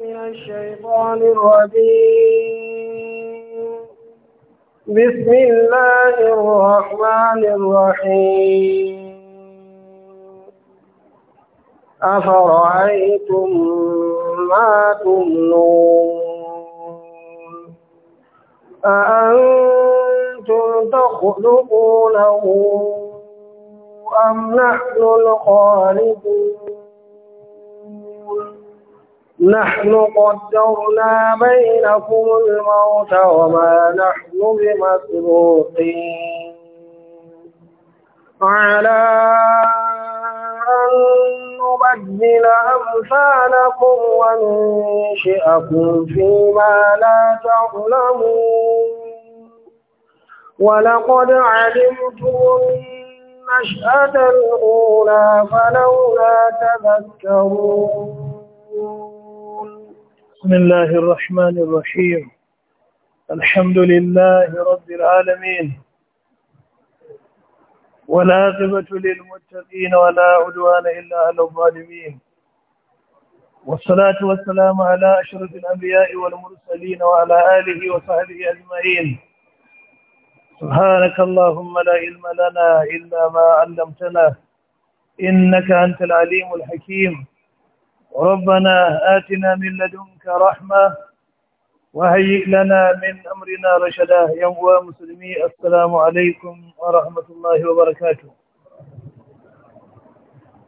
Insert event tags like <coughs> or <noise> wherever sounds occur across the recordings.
من الشيطان الرجيم بسم الله الرحمن الرحيم أفرأيتم ما تمنون أأنتم تخلقونه أم نحن الخالقون نحن قدرنا بينكم الموت وما نحن بمسبوقين على أن نبدل أمثالكم وننشئكم فيما لا تعلمون ولقد علمتم النشأة الأولى فلولا تذكرون بسم الله الرحمن الرحيم الحمد لله رب العالمين ولا غبة للمتقين ولا عدوان إلا على الظالمين والصلاة والسلام على أشرف الأنبياء والمرسلين وعلى آله وصحبه أجمعين سبحانك اللهم لا علم لنا إلا ما علمتنا إنك أنت العليم الحكيم ربنا آتنا من لدنك رحمة وهيئ لنا من أمرنا رشدا ينوى مسلمي السلام عليكم ورحمة الله وبركاته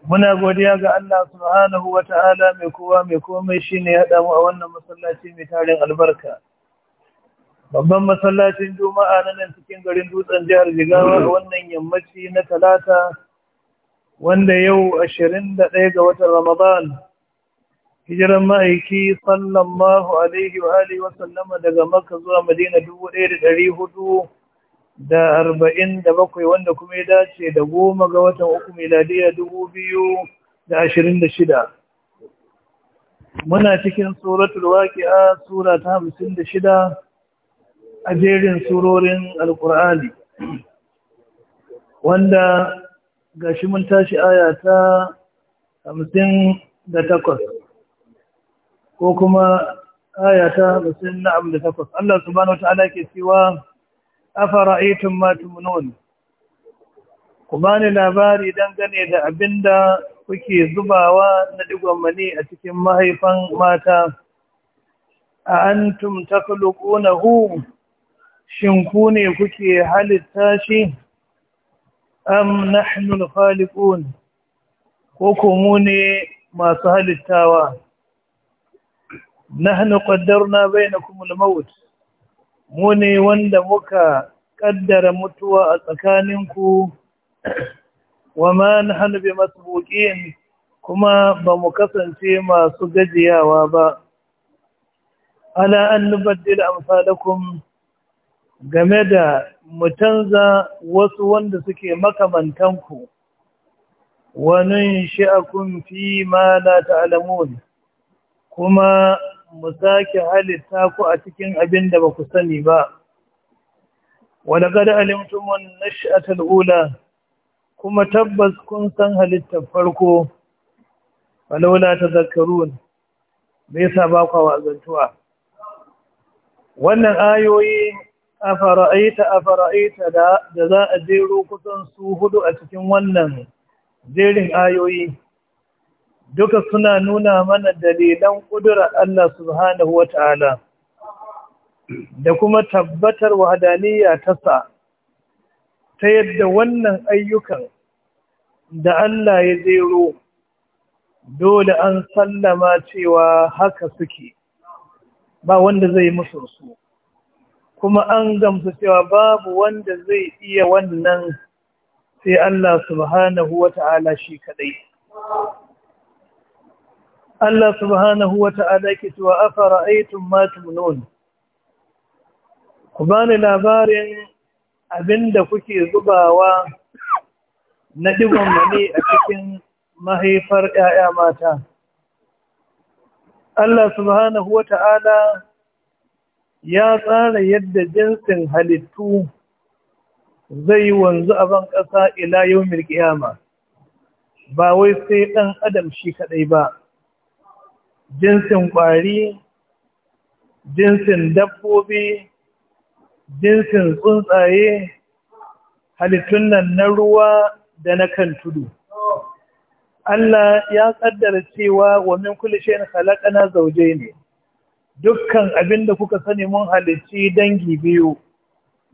muna godiya ga Allah subhanahu wa ta'ala mai kowa mai komai shine ne haɗa mu a wannan masallaci mai tarin albarka. Babban masallacin Juma'a na nan cikin garin dutsen jihar Jigawa a wannan yammaci na talata wanda yau 21 ga watan Ramadan hijiran ma'aiki sallallahu alaihi wa alihi wa sallama daga Makka zuwa Madina dubu ɗaya da ɗari hudu da arba'in da bakwai wanda kuma ya dace da goma ga watan uku miladiya dubu biyu da ashirin da shida. Muna cikin suratul waƙi'a sura ta hamsin da shida a jerin surorin Alƙur'ani. Wanda gashi mun tashi aya ta hamsin da takwas. ko kuma aya ta takwas Allah wata ala ke cewa afara'aytum matu tumnun ku bani labari dangane da abin da kuke zubawa na digon mani a cikin mahaifan mata a antum takhluqunahu shin ku ne kuke halitta shi am na khaliqun ko ku ne masu halittawa nahnu qaddarna bainakum al-maut mune wanda muka kaddara mutuwa a tsakaninku wa ma nahnu bimasbuqin kuma ba mu kasance masu gajiyawa ba ala an nubaddil amsalakum game da mu canza wasu wanda suke makamantanku wa nun sha'akum fi ma la ta'lamun kuma mu sake halitta ku a cikin abin da ba ku sani ba walaƙar alimtumun nash'atul ula kuma tabbas kun san halittar farko laula ta zakarun bai sa ba kwa wazantuwa wannan ayoyi a fara'aita a fara'aita da za a jero kusan su hudu a cikin wannan jerin ayoyi duka suna nuna mana dalilan ƙudurar Allah subhanahu wa ta'ala da kuma tabbatar wahadaniya ta sa ta yadda wannan ayyukan da Allah ya zero dole an sallama cewa haka suke ba wanda zai musu su kuma an gamsu cewa babu wanda zai iya wannan sai Allah subhanahu wa ta'ala shi kaɗai. Allah subhanahu wa ta'ala ke cewa fara aitun matu nun ku bani labarin abinda kuke zubawa na digon mani a cikin mahaifar ‘ya'ya mata Allah subhanahu wa ta'ala ya tsara yadda jinsin halittu zai wanzu a ban ƙasa ila yau milkiyama ba wai sai ɗan adam shi kaɗai ba jinsin ƙwari jinsin dabbobi jinsin tsuntsaye halittun nan na ruwa da na kan tudu Allah ya ƙaddara cewa wa min halaƙa na zauje ne. dukkan abin da kuka sani mun halicci dangi biyu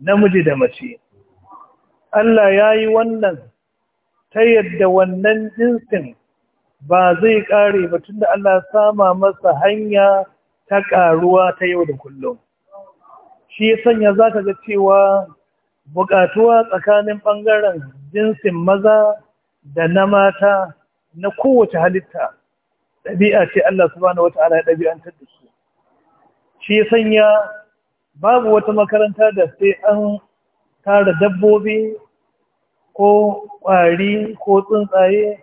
namiji da mace Allah ya yi wannan ta yadda wannan jinsin ba zai kare ba da Allah sama masa hanya ta ƙaruwa ta yau da kullum shi ya sanya za ka ga cewa buƙatuwa tsakanin ɓangaren jinsin maza da na mata na kowace halitta ɗabi'a ce Allah subhanahu wata'ala ya ɗabi'antar da su shi ya sanya babu wata makaranta da sai an tara dabbobi ko ƙwari ko tsuntsaye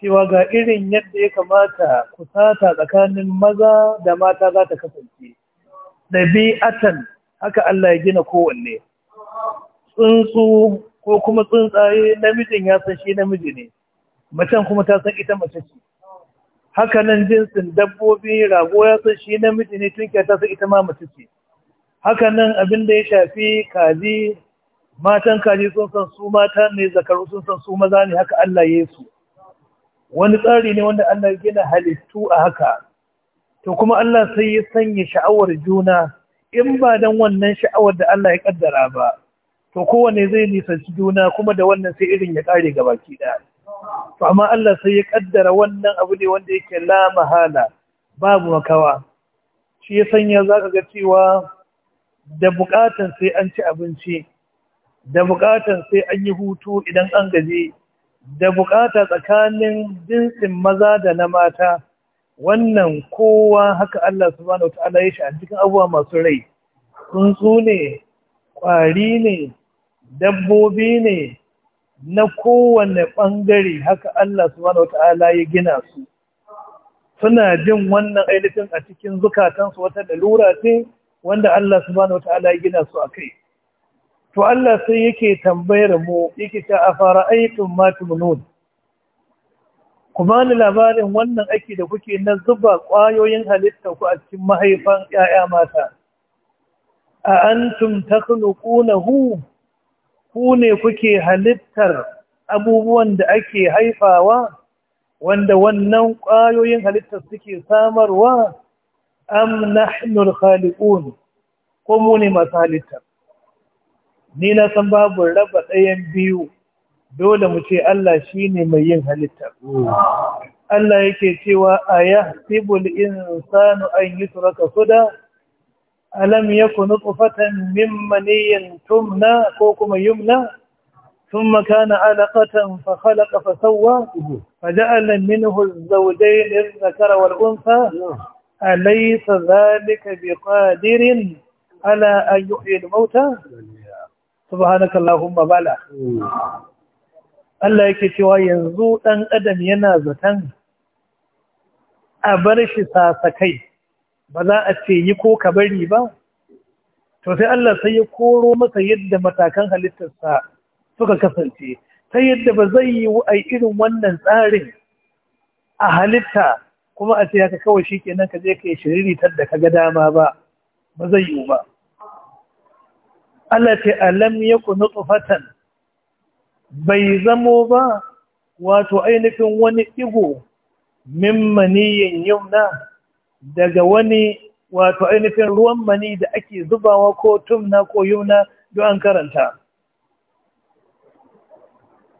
cewa ga irin yadda ya kamata ku sata tsakanin maza da mata za ta kasance ɗabi'atan haka Allah ya gina kowanne tsuntsu ko kuma tsuntsaye namijin ya san shi namiji ne macen kuma ta san ita mace ce haka nan jinsin dabbobi rago ya san shi namiji ne tunkiya ta san ita ma mace ce haka nan abin da ya shafi kaji matan kaji sun san su mata ne zakaru sun san su maza ne haka Allah ya yi su wani tsari ne wanda Allah ya gina halittu a haka to kuma Allah sai ya sanya sha'awar juna in ba dan wannan sha'awar da Allah ya ƙaddara ba to kowanne zai nisanci juna kuma da wannan sai irin ya kare gaba baki da to amma Allah sai ya ƙaddara wannan abu ne wanda yake la mahala babu makawa shi ya sanya za ka ga cewa da bukatan sai an ci abinci da bukatan sai an yi hutu idan an gaji da bukata tsakanin jinsin maza da na mata wannan kowa haka Allah subhanahu wataala ya shi a cikin abuwa masu rai tsuntsu ne kwari ne dabbobi ne na kowane ɓangare haka Allah subhanahu wata'ala ya gina su suna jin wannan ainihin a cikin zukatansu wata lura ce wanda Allah subhanahu wata'ala ya gina su a kai to Allah sai yake tambayar mu yake ta a fara aikin matumunun ku bani labarin wannan aiki da kuke na zuba ƙwayoyin halitta ku a cikin mahaifan 'ya'ya mata a antum takhluqunahu ku ne kuke halittar abubuwan da ake haifawa wanda wannan kwayoyin halittar suke samarwa am nahnul khaliqun ko mu ne masu halittar ni na san babu raba ɗayan biyu dole mu ce Allah shi ne mai yin halitta. Allah yake cewa a ya sibul insanu an yi turaka suda, alam ya kunu ƙufatan min maniyin tumna ko kuma yumna, sun makana alaƙatan fa halaka fa sauwa, fa ja'alan minhu zaujainin zakara wal unsa, alaysa zalika biqadirin ala an yuhyil mauta. subhanaka allahumma bala Allah yake cewa yanzu dan adam yana zaton a bar shi sasakai ba za a ce yi ko ka bari ba to sai Allah sai ya koro masa yadda matakan halittarsa suka kasance ta yadda ba zai yi a irin wannan tsarin a halitta kuma a ce haka kawai shi kenan ka je ka yi shiriritar da ka ga dama ba ba zai yiwu ba alati alam yaku nutfatan bai zamo ba wato ainihin wani igo min maniyin yumna daga wani wato ainihin ruwan mani da ake zubawa ko tumna ko yumna don an karanta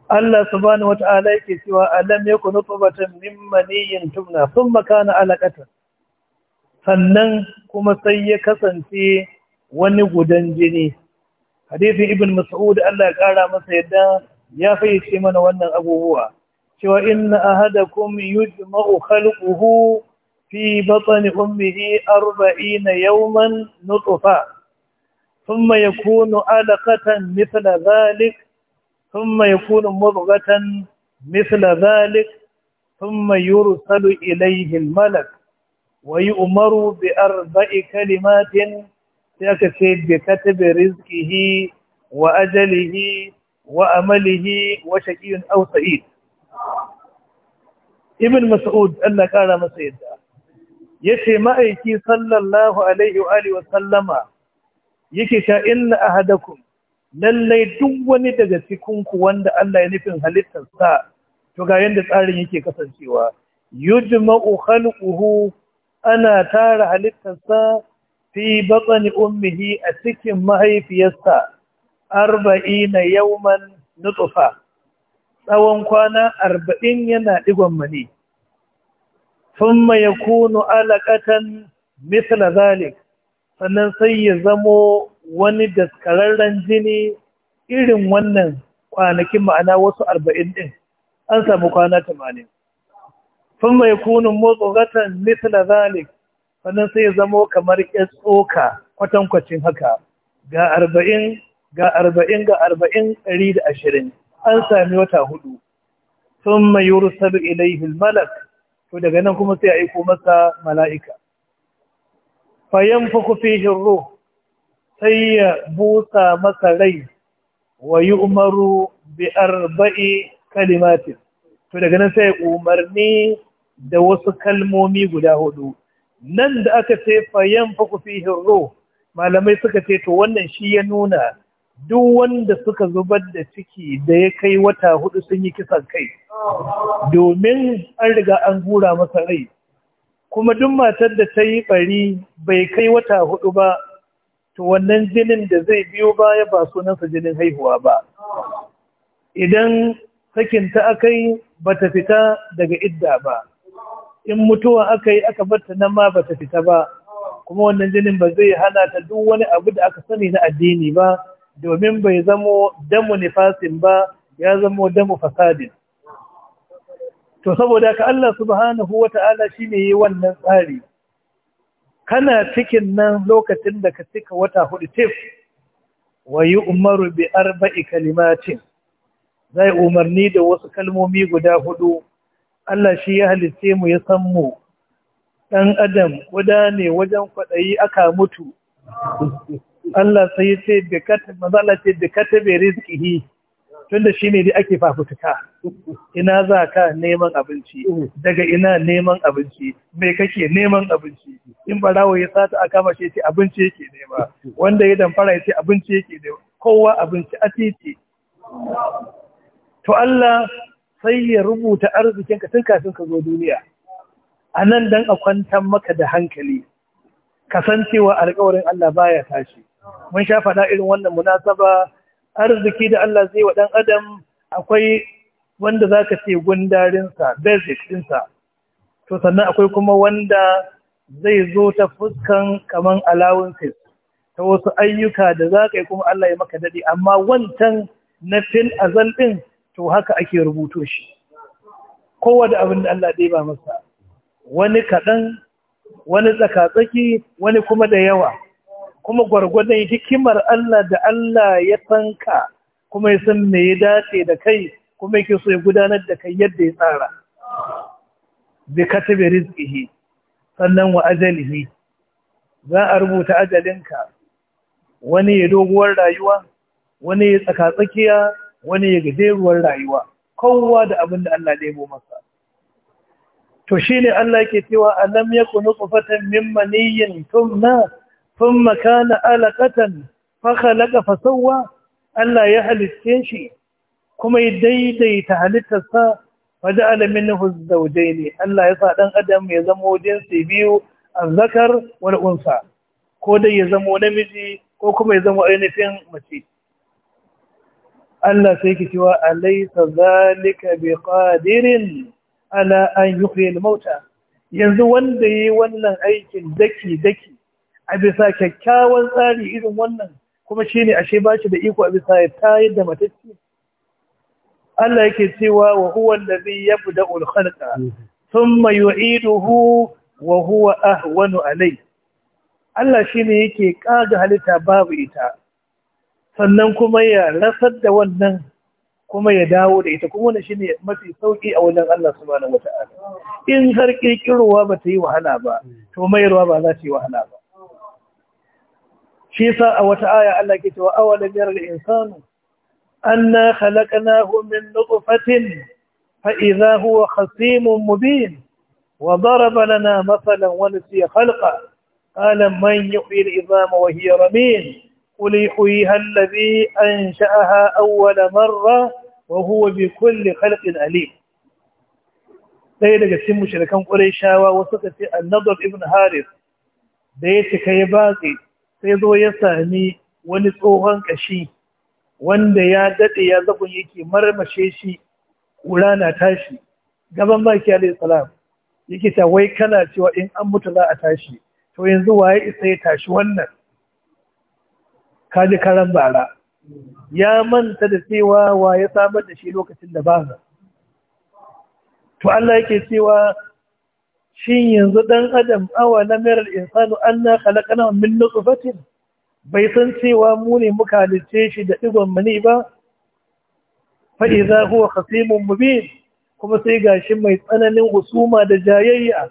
Allah subhanahu wata'ala yake cewa alam yakun nutfatan min maniyin tumna thumma kana alaqatan sannan kuma sai ya kasance wani gudan jini hadithi ibn mas'ud Allah ya kara masa yadda ya fayyace mana wannan abubuwa cewa inna ahadakum yujma'u khalquhu fi batn ummihi 40 yawman nutfa thumma yakunu alaqatan mithla dhalik thumma yakunu mudghatan mithla dhalik thumma yursalu ilayhi al-malak wa yu'maru bi arba'i kalimatin sai aka ce bi katabi hi, wa ajalihi wa amalihi wa shaqiyun aw sa'id ibn mas'ud Allah kara masa yadda yace ma'aiki sallallahu alaihi wa alihi wa sallama yake sha inna ahadakum lallai duk wani daga cikin ku wanda Allah ya nufin halittar halittarsa to ga yanda tsarin yake kasancewa yujma'u khalquhu ana tara halittar sa. fi batsani ummihi a cikin mahaifiyarsa arba'ina yauman nutsufa tsawon kwana arba'in yana digon mani ya yakunu alaƙatan misla zalik sannan sai ya zamo wani daskararren jini irin wannan kwanakin ma'ana wasu arba'in ɗin an samu kwana tamanin sun mai kunu motsogatan mitla zalik wannan sai ya zamo kamar ya tsoka kwatankwacin haka ga arba'in ga arba'in ga arba'in ɗari da ashirin an sami wata hudu sun mai yursalu ilaihil malak to daga nan kuma sai a aiko masa mala'ika fayan fuku fihin ruh sai ya busa masa rai wa yi umaru bi arba'i kalimatin to daga nan sai ya umarni da wasu kalmomi guda hudu nan da aka ce fayan faku fihi ruh malamai suka ce to wannan shi ya nuna duk wanda suka zubar da ciki da ya kai wata hudu sun yi kisan kai domin an riga an gura masa rai kuma duk matar da ta yi bari bai kai wata hudu ba to wannan jinin da zai biyo baya ba sunansa jinin haihuwa ba idan sakinta akai bata fita daga idda ba in mutuwa aka yi aka barta nan ma bata fita ba kuma wannan jinin ba zai hana ta duk wani abu da aka sani na addini ba domin bai zamo damu nifasin ba ya zamo damu fasadin to saboda ka Allah subhanahu wata'ala shine yi wannan tsari kana cikin nan lokacin da ka cika wata hudu tif wa yi umaru bi arba'i kalimatin zai umarni da wasu kalmomi guda hudu Allah shi ya halitte mu ya san mu ɗan adam guda ne wajen kwaɗayi aka mutu Allah sai ya ce mazala ce da rizkihi tunda shi ne da ake fafutuka ina za ka neman abinci daga ina neman abinci mai kake neman abinci in barawo ya sata a kama shi ce abinci yake nema wanda ya damfara ya ce abinci yake nema kowa abinci a titi to Allah sai ya rubuta arzikinka tun kafin ka zo duniya a nan don a kwantar maka da hankali kasancewa alkawarin Allah baya tashi mun sha faɗa irin wannan munasaba arziki da Allah zai wa ɗan adam akwai wanda zaka ka ce gundarinsa basic ɗinsa to sannan akwai kuma wanda zai zo ta fuskan kaman allowances ta wasu ayyuka da za ka yi kuma Allah ya maka daɗi amma wancan na fil azal ɗin to haka ake rubuto shi kowane abin da Allah ba masa wani kaɗan wani tsakatsaki wani kuma da yawa kuma gwargwadon hikimar Allah da Allah ya sanka kuma ya san me ya dace da kai kuma yake so ya gudanar da kai yadda ya tsara bi katabi rizqihi sannan wa ajalihi za a rubuta ajalinka wani ya doguwar rayuwa wani ya tsakatsakiya wani ya gajeruwar rayuwa kowa da abin da Allah ya masa to shine Allah yake cewa alam yakunu qufatan min maniyyin thumma thumma kana alaqatan fa khalaqa fa sawwa Allah ya halitta shi kuma ya daidaita halittarsa fa ja'ala minhu zawjayn Allah ya sa dan adam ya zama jinsi biyu azzakar wal unsa ko dai ya zama namiji ko kuma ya zama ainihin mace Allah sai ki cewa alaysa zalika biqadirin ala an yuhyil mauta yanzu wanda yayi wannan aikin daki daki a bisa kyakkyawan tsari irin wannan kuma shine ashe ba shi da iko a bisa ya tayar da matacce Allah yake cewa wa huwa allazi yabda'ul khalqa thumma yu'iduhu wa huwa ahwanu alayhi Allah shine yake kaga halitta babu ita sannan kuma ya rasar da wannan kuma ya dawo da ita kuma shi ne mafi sauƙi a wajen Allah subhanahu wata'ala in har kirkirowa ba ta yi wahala ba to mayarwa ba za ta yi wahala ba shi yasa a wata aya Allah ke cewa awalam yara al-insanu anna na min na fa idha huwa khasimun mubin wa daraba lana mathalan wa nasiya khalqa qala man yuhyi al-idhama wa hiya ramin قل يحييها الذي أنشأها أول مرة وهو بكل خلق أليم Sai daga cikin mushrikan ƙurayshawa wasu kace ce ibn harith da ya cika ya batse sai zo ya sami wani tsohon ƙashi wanda ya daɗe ya zagon yake marmashe shi ƙura na tashi gaban baki alayhi salam yake ta wai kana cewa in an mutu za a tashi to yanzu waye isa ya tashi wannan kaji karan bara ya manta da cewa wa ya samar da shi lokacin da ba to Allah yake cewa shin yanzu dan adam awa na mirar insanu anna khalaqana min nutfatin bai san cewa mu ne muka halice shi da digon mani ba fa idza huwa khasimun mubin kuma sai gashi mai tsananin husuma da jayayya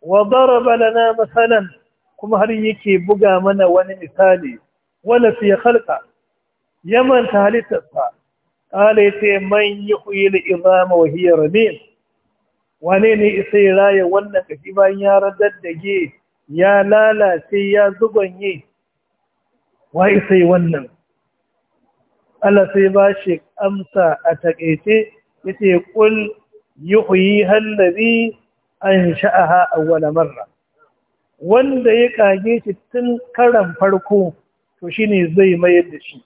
wa daraba lana masalan kuma har yake buga mana wani misali wala fi khalqa yaman ta halittarsa kala yace man yuhyil izama wa hiya ramin wane ne isa ya wannan kashi bayan ya radaddage ya lalace ya zugonye wa isa wannan Allah sai ba shi amsa a takaice yace kul yuhyi allazi ansha'aha awwala marra wanda ya kage shi tun karan farko to shi ne zai mayar da shi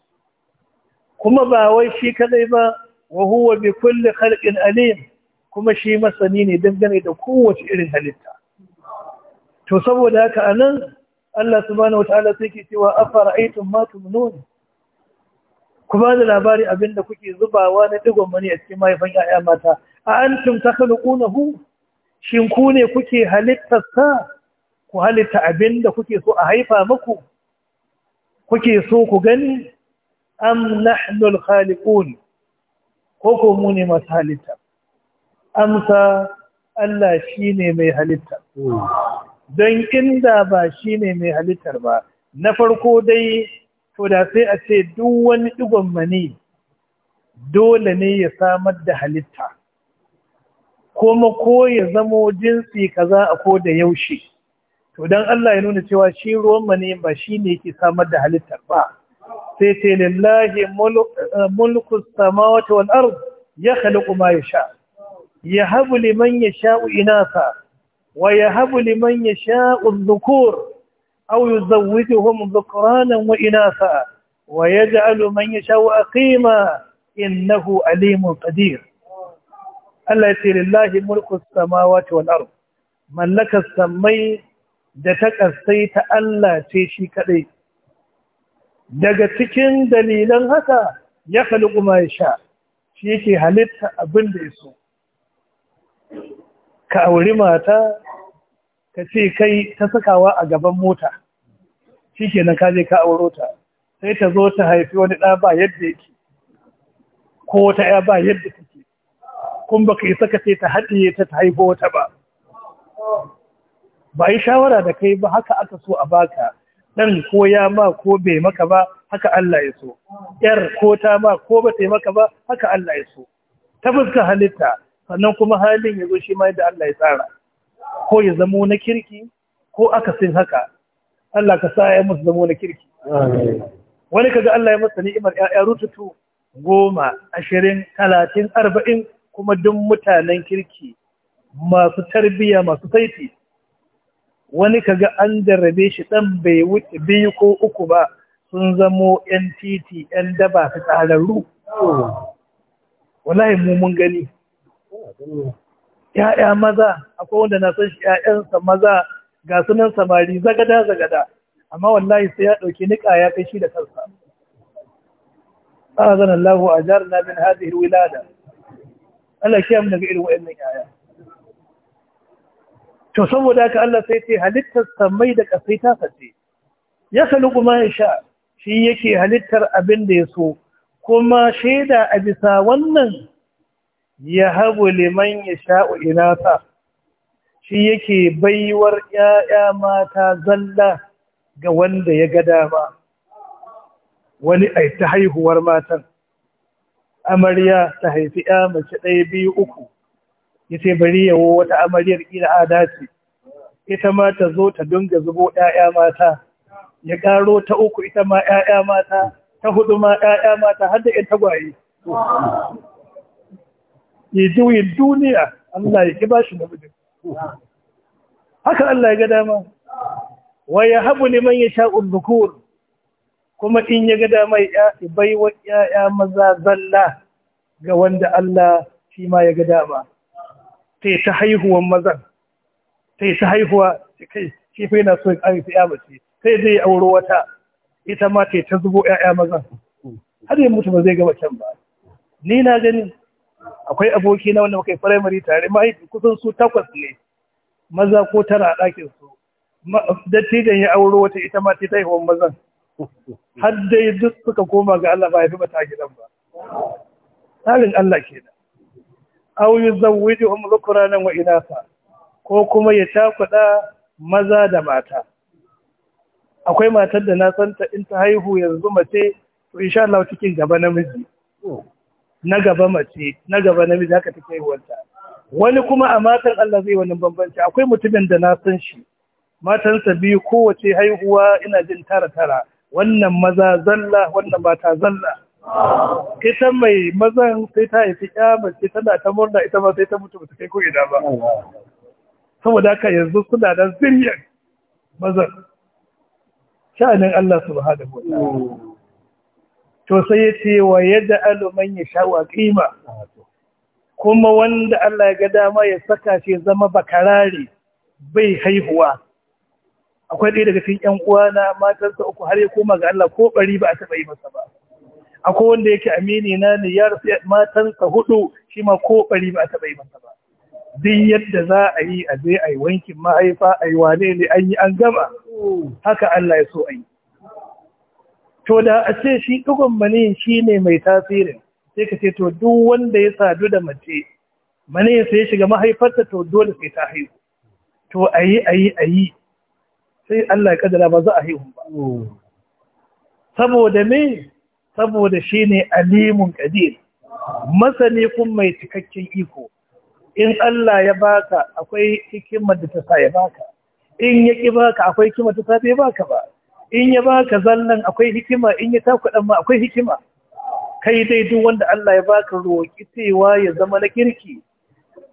kuma ba wai shi kadai ba wa huwa bi kulli khalqin alim kuma shi masani ne dangane da kowace irin halitta to saboda haka anan Allah subhanahu wataala sai ke cewa afara'aytum ma tumnun kuma da labari abinda kuke zubawa na digon mani a cikin mahaifan yaya mata a antum takhluqunahu shin ku ne kuke halittarsa ku halitta abinda kuke so a haifa muku kuke so ku gani am nahnul khaliqun ko ko mu ne masu halitta amsa Allah shine mai halitta don inda ba shine mai halittar ba na farko dai to da sai a ce duk wani digon mani dole ne ya samar da halitta kuma ko ya zamo jinsi kaza a ko da yaushe to dan Allah ya nuna cewa shi ruwan mani ba shi ne ke samar da halittar ba sai ce lillahi eh, mulku samawati wal ard ya khaliqu ma yasha yahabu liman yasha'u inasa wa yahabu liman yasha'u dhukur aw yuzawwijuhum dhukranan wa inasa wa yaj'alu man yasha'u aqima innahu alimun qadir Allah ya ce lillahi mulku samawati wal ard mallakar samai da ta ƙarsai ta Allah ce shi kaɗai. Daga cikin dalilan haka ya kalli kuma ya sha, shi yake halitta abin da ya so. Ka auri mata, ka ce kai ta sakawa a gaban mota, shi ke ka je ka auro ta, sai ta zo ta haifi wani ɗa ba yadda yake, ko ta ya ba yadda take, kun baka isa ka ce ta haɗiye ta ta haifo wata ba. ba yi shawara da kai ba haka aka so a baka dan ko ya ma ko bai maka ba haka Allah ya so yar ko ta ma ko ba ta maka ba haka Allah ya so ta fuskar halitta sannan kuma halin ya zo shi ma yadda Allah ya tsara ko ya zamo na kirki ko aka sin haka Allah ka sa ya musu zamo na kirki wani kaga Allah ya masa ni'imar ƴaƴa rututu goma ashirin talatin arba'in kuma duk mutanen kirki masu tarbiyya masu saiti wani kaga an jarrabe shi ɗan bai biyu ko uku ba sun zamo 'yan titi 'yan daba su tsararru wallahi mu mun gani ya'ya maza akwai wanda na san shi ya'yansa maza ga sunan samari zagada zagada amma wallahi sai ya ɗauki niƙa ya kai shi da kansa zanen Allah a na bin hadhihi wilada Allah shi mu daga irin wa'annan ya'ya to saboda haka Allah sai ce halittar samai da kasai ta sace ya kalu ma ya shi yake halittar abin da ya so kuma shaida a bisa wannan ya habu liman ya sha'u inata shi yake baiwar ‘ya'ya mata zalla ga wanda ya ga dama wani ai ta haihuwar matan amarya ta haifi ‘ya mace ɗaya biyu uku ya ce bari yawo wata amaryar ƙila adaci ita ma ta zo ta dinga zubo ‘ya'ya mata ya ƙaro ta uku ita ma ‘ya'ya mata ta hudu ma ‘ya'ya mata har da ‘yan tagwaye ya juyin duniya Allah ya kiba ba shi namijin haka Allah ya ga dama wa ya habu ni ya sha dhukur kuma in ya ga dama ya baiwa ya maza zalla ga wanda Allah shi ma ya ga dama ta yi ta haihuwan mazan ta yi ta haihuwa kai shi fa yana so ya ƙari ta ya mace sai zai auro wata ita ma ta yi ta zubo 'ya'ya mazan har yi mutu ba zai gaba can ba ni na gani akwai aboki na wanda muka yi firamare tare mahaifi kusan su takwas ne maza ko tara a ɗakin su dattijan ya auro wata ita ma ta haihuwan mazan har dai duk suka koma ga Allah ba ya fi mata gidan ba tsarin Allah kenan aw yuzawwijuhum dhukranan wa inatha ko kuma ya takuda maza da mata akwai matar da na santa in ta haihu yanzu mace to insha Allah cikin gaba namiji na gaba mace na gaba namiji haka take haihuwarta wani kuma a matan Allah zai wani bambanci akwai mutumin da na san shi matansa biyu kowace haihuwa ina jin tara tara wannan maza zalla wannan mata zalla ita mai mazan sai ta haifi ya mace tana ta murna ita ma sai ta mutu ba ta kai ko'ina ba saboda haka yanzu suna da ziriyar mazan sha'anin Allah su ba wa ta'ala to sai ya ce wa yadda aluman ya sha ƙima kuma wanda Allah ya ga dama ya saka shi zama bakarare bai haihuwa akwai ɗaya daga cikin ƴan uwana matarsa uku har ya koma ga Allah ko bari ba a taɓa yi masa ba akwai wanda yake amini na ne ya rufe matansa hudu shi ma ko bari ba a taɓa yi masa ba duk yadda za a yi a je a yi wankin mahaifa a yi wane ne an yi an gama haka Allah ya so a yi to da a ce shi ɗigon maniyin shi ne mai tasirin sai ka ce to duk wanda ya sadu da mace maniyin sai ya shiga mahaifarta to dole sai ta haihu to a yi a yi a yi sai Allah ya kaddara ba za a haihu ba oh. saboda me saboda shi ne alimun ƙadir masani kun mai cikakken iko in Allah ya baka akwai hikimar da ta sa ya baka in ya ƙi baka akwai hikimar ta sa bai baka ba in ya baka zallan akwai hikima in ya takuɗan ma akwai hikima kai dai duk wanda Allah ya baka roƙi cewa ya zama na kirki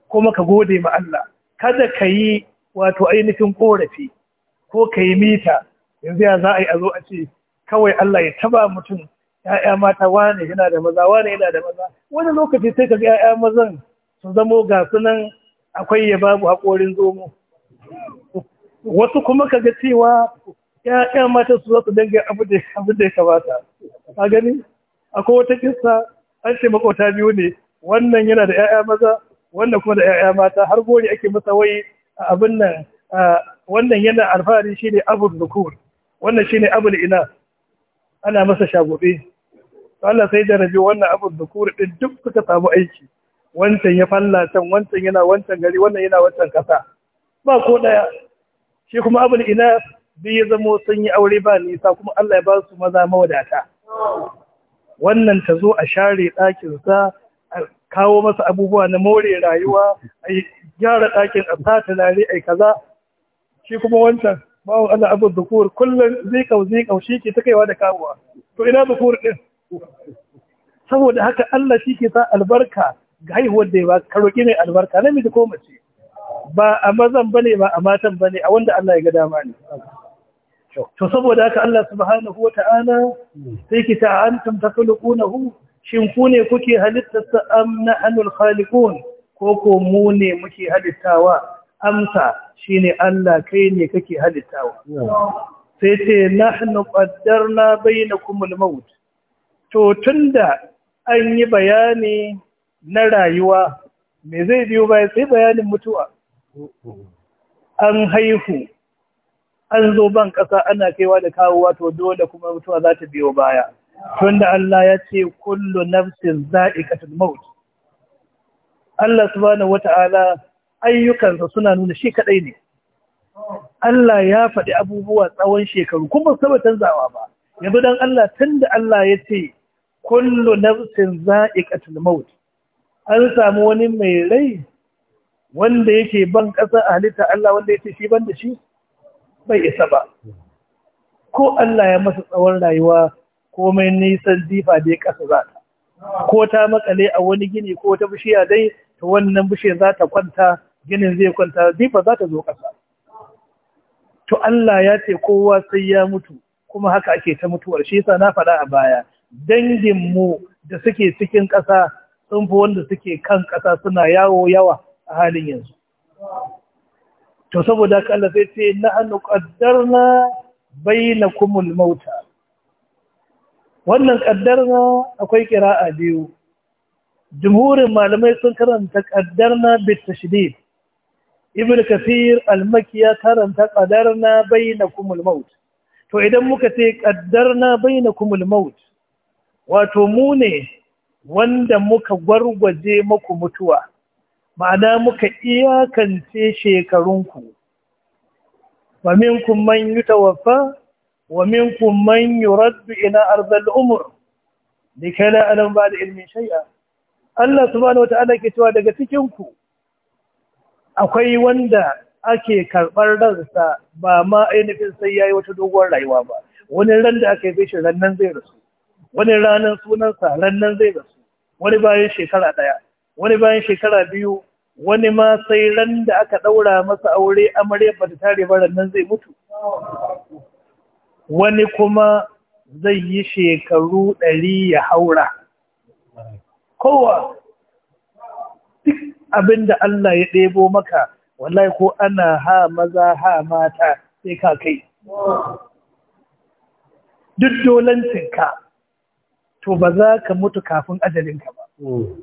kuma ka gode ma Allah kada ka yi wato ainihin ƙorafi ko ka yi mita yanzu ya za a yi a zo a ce kawai Allah ya taba mutum ya'ya mata wane yana da maza wane yana da maza wani lokaci sai ka ga ya'ya mazan su zamo ga sunan akwai ya babu haƙorin zomo wasu kuma ka ga cewa ya'ya mata su za su danga abin da ya kamata a gani akwai wata kissa an ce makota biyu ne wannan yana da ya'ya maza wannan kuma da ya'ya mata har gori ake masa wai abin nan wannan yana alfahari shine abul nukur wannan shine abul ina ana masa shagobe Allah sai da rabi wannan abin da kuri din duk suka samu aiki wancan ya falla can wancan yana wancan gari wannan yana wancan kasa ba ko daya shi kuma abin ina bi ya zamo sun yi aure ba nisa kuma Allah ya ba su maza mawadata wannan ta zo a share ɗakinsa a kawo masa abubuwa na more rayuwa a gyara ɗakin a sa lare a kaza shi kuma wancan bawon Allah abin zukur kullum zikau zikau shi ke ta kaiwa da kawowa to ina zukur din saboda haka Allah shi ke sa albarka ga haihuwar da ya ba ka roƙi mai albarka na namiji ko mace ba a mazan ba ne ba a matan ba ne, a wanda Allah ya ga dama ne to saboda haka Allah subhanahu ta'ana sai ki ta kuna hu, shin ku ne kuke halitta sa am nahnu al ko ko mu ne muke halittawa amsa shine Allah kai ne kake halittawa sai ce nahnu qaddarna bainakum al-maut to da an yi bayani na rayuwa me zai biyo baya sai bayanin mutuwa an haihu an zo ban ƙasa ana kaiwa da kawuwa, to dole kuma mutuwa za ta biyo baya tunda Allah ya ce kullu nafsin za'iqatul maut Allah subhanahu wata'ala ayyukansa suna nuna shi kadai ne Allah ya faɗi abubuwa tsawon shekaru kuma sabatan canzawa ba yanzu dan Allah tunda Allah ya ce kullu nafsin za'iqatul maut an samu wani mai rai wanda yake ban ƙasa a halitta Allah wanda yake shi ban da shi bai isa ba ko Allah ya masa tsawon rayuwa komai nisan difa da ƙasa za ta ko ta makale a wani gini ko ta bishiya dai ta wannan bishiyar za ta kwanta ginin zai kwanta difa za ta zo ƙasa to Allah ya ce kowa sai ya mutu kuma haka ake ta mutuwar shi yasa na faɗa a baya danginmu da suke cikin ƙasa sun fi wanda suke kan ƙasa suna yawo yawa a halin yanzu. To saboda haka Allah sai ce na hannu ƙaddarna na kumul mauta. Wannan ƙaddarna akwai a biyu. Jumhurin malamai sun karanta ƙaddarna bit tashdid. Ibn Kathir al-Makki ya karanta ƙaddarna na kumul mauta. To idan muka ce ƙaddarna na kumul mauta wato mu ne wanda muka gwargwaje muku mutuwa ma'ana muka iyakance shekarunku wa minkum man yutawaffa wa minkum man yuraddu ila ardhil umr likai la alam ba da ilmin shay'a Allah subhanahu wata'ala ke cewa daga cikin ku akwai wanda ake karɓar ransa ba ma ainihin sai yayi wata doguwar rayuwa ba wani ran da aka yi shi ran nan zai rasu wani ranar sunansa rannan zai rasu wani bayan shekara ɗaya wani bayan shekara biyu wani ma sai ran da aka ɗaura masa aure amarya ba ta tare ba rannan zai mutu wani kuma zai yi shekaru ɗari ya haura kowa duk abin da Allah ya ɗebo maka wallahi ko ana ha maza ha mata sai ka kai duk dolancinka to ba za ka mutu kafin ajalinka ba hmm.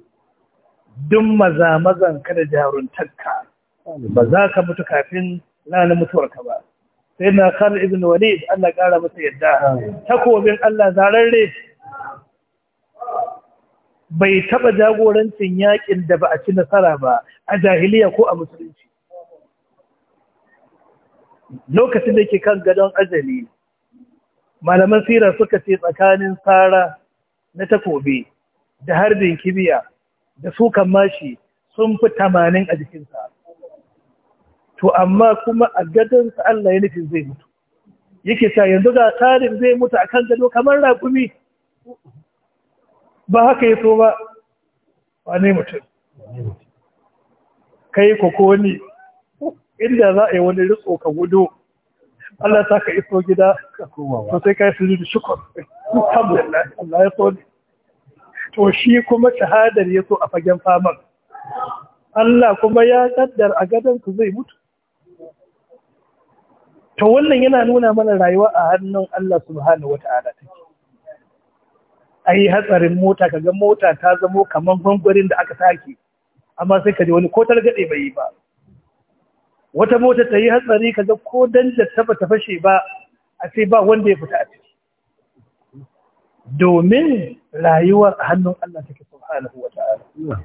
Dun maza mazan ka da jaruntarka ba za ka mutu kafin mutuwar mutuwarka ba sai na khalid izin wani Allah ƙara masa yadda takobin Allah zarar zararre bai taɓa jagorancin yaƙin da ba a ci nasara ba a jahiliya ko a musulunci lokacin da yake kan gadon ajali malaman sira suka ce tsakanin tsara na takobi da harbin kibiya da sukan mashi sun fi tamanin a jikinsa to amma kuma a gadonsa Allah ya nufin zai mutu yake sa yanzu ga tsarin zai mutu akan gado kamar rakumi ba haka ya so ba ne mutum kai koko ne inda za a yi wani riso ka gudu Allah ta ka iso gida to sai ka yi sujudu shukr alhamdulillah Allah ya so ne to shi kuma shahadar ya so a fagen faman Allah kuma ya ƙaddar a gadansu zai mutu to wannan yana nuna mana rayuwa a hannun Allah subhanahu wata'ala take yi hatsarin mota kaga mota ta zamo kamar gwangwarin da aka take amma sai ka wani ko targaɗe bai yi ba wata mota ta yi hatsari ka ga ko da ta bata fashe ba a ce ba wanda ya fita a domin rayuwar hannun Allah take subhanahu wa ta'ala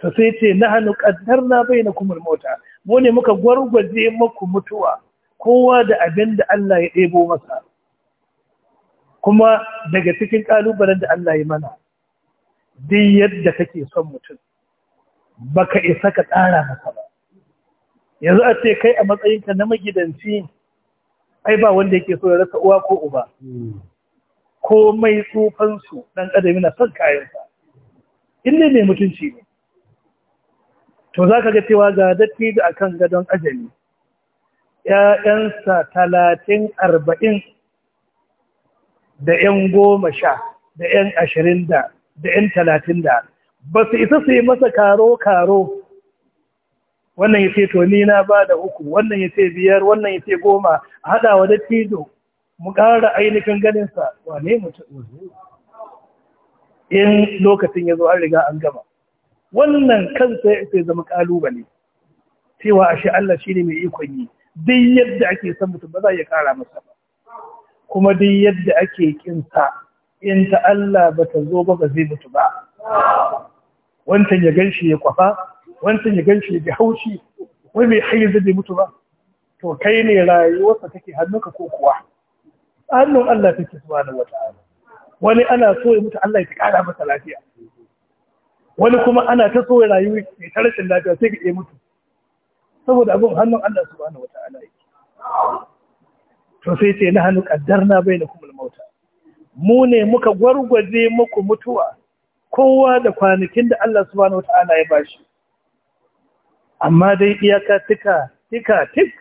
to sai ce nahnu qaddarna kuma mota, mu ne muka gwargwaje muku mutuwa kowa da abin da Allah ya ɗebo masa kuma daga cikin kalubalen da Allah ya mana duk yadda kake son mutum baka isa ka tsara masa ba yanzu a ce kai a matsayinka na magidanci ai ba wanda yake so ya rasa uwa ko uba komai tsufansu ɗan adam yana son kayansa in ne mai mutunci ne to za ka ga cewa ga datti da kan gadon ajali ‘ya'yansa talatin arba'in da ‘yan goma sha da ‘yan ashirin da da ‘yan talatin da ba su isa su yi masa karo-karo wannan ya ce to ni na ba da uku wannan ya ce biyar wannan ya ce goma a haɗawa wa dattijo mu ƙara ainihin ganinsa wane mutum in lokacin ya zo an riga an gama wannan kan sai zama ƙalubale cewa ashe Allah shi ne mai ikon yi duk yadda ake son mutum ba za ya ƙara masa ba kuma duk yadda ake ƙinsa in ta Allah ba ta zo ba ba zai mutu ba wancan ya ganshi ya kwafa wancan ya ganshi ya ji haushi wai mai haizu zai mutu ba to kai ne rayuwarsa take hannunka ko kuwa hannun Allah take subhanahu wata'ala wani ana so ya mutu Allah ya kara masa lafiya wani kuma ana ta so rayuwa ya ta lafiya sai ka mutu saboda abin hannun Allah subhanahu wata'ala yake to sai ce na hannu kaddarna bainakum al-mauta mu ne muka gwargwaje muku mutuwa kowa da kwanakin da Allah subhanahu wata'ala ya shi. amma dai iyaka tika tika tik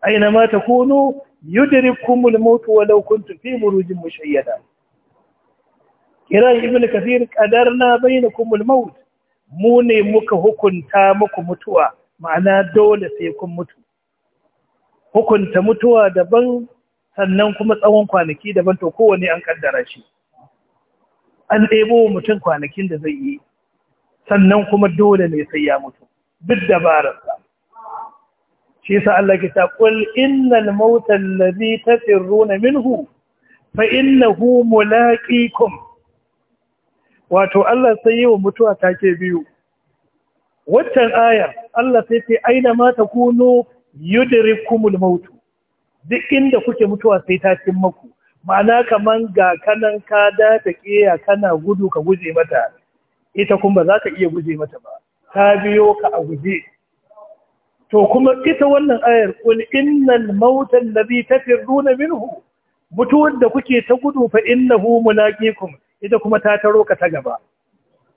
aina ma takunu yudrikumul maut walau kuntu fi burujin mushayyada kiran ibn kathir qadarna bainakumul maut mu ne muka hukunta muku mutuwa ma'ana dole sai kun mutu hukunta mutuwa daban sannan kuma tsawon kwanaki daban to kowane an kaddara shi an ɗebo mutum kwanakin da zai yi sannan kuma dole ne sai ya mutu duk dabararsa shi yasa Allah ke ta kul innal mauta allazi tafirruna minhu fa innahu mulaqikum wato Allah sai yi wa mutuwa take biyu waccan ayar Allah sai ce aina ma takunu yudrikumul maut duk inda kuke mutuwa sai ta cin maku ma'ana kaman ga kanan ka da ta kiya kana gudu ka guje mata ita kuma ba za ka iya guje mata ba ta biyo ka a guje to kuma ita wannan ayar kul innal mautal ladhi tafirruna minhu mutuwar da kuke ta gudu fa innahu mulaqikum ita kuma ta taro ka ta gaba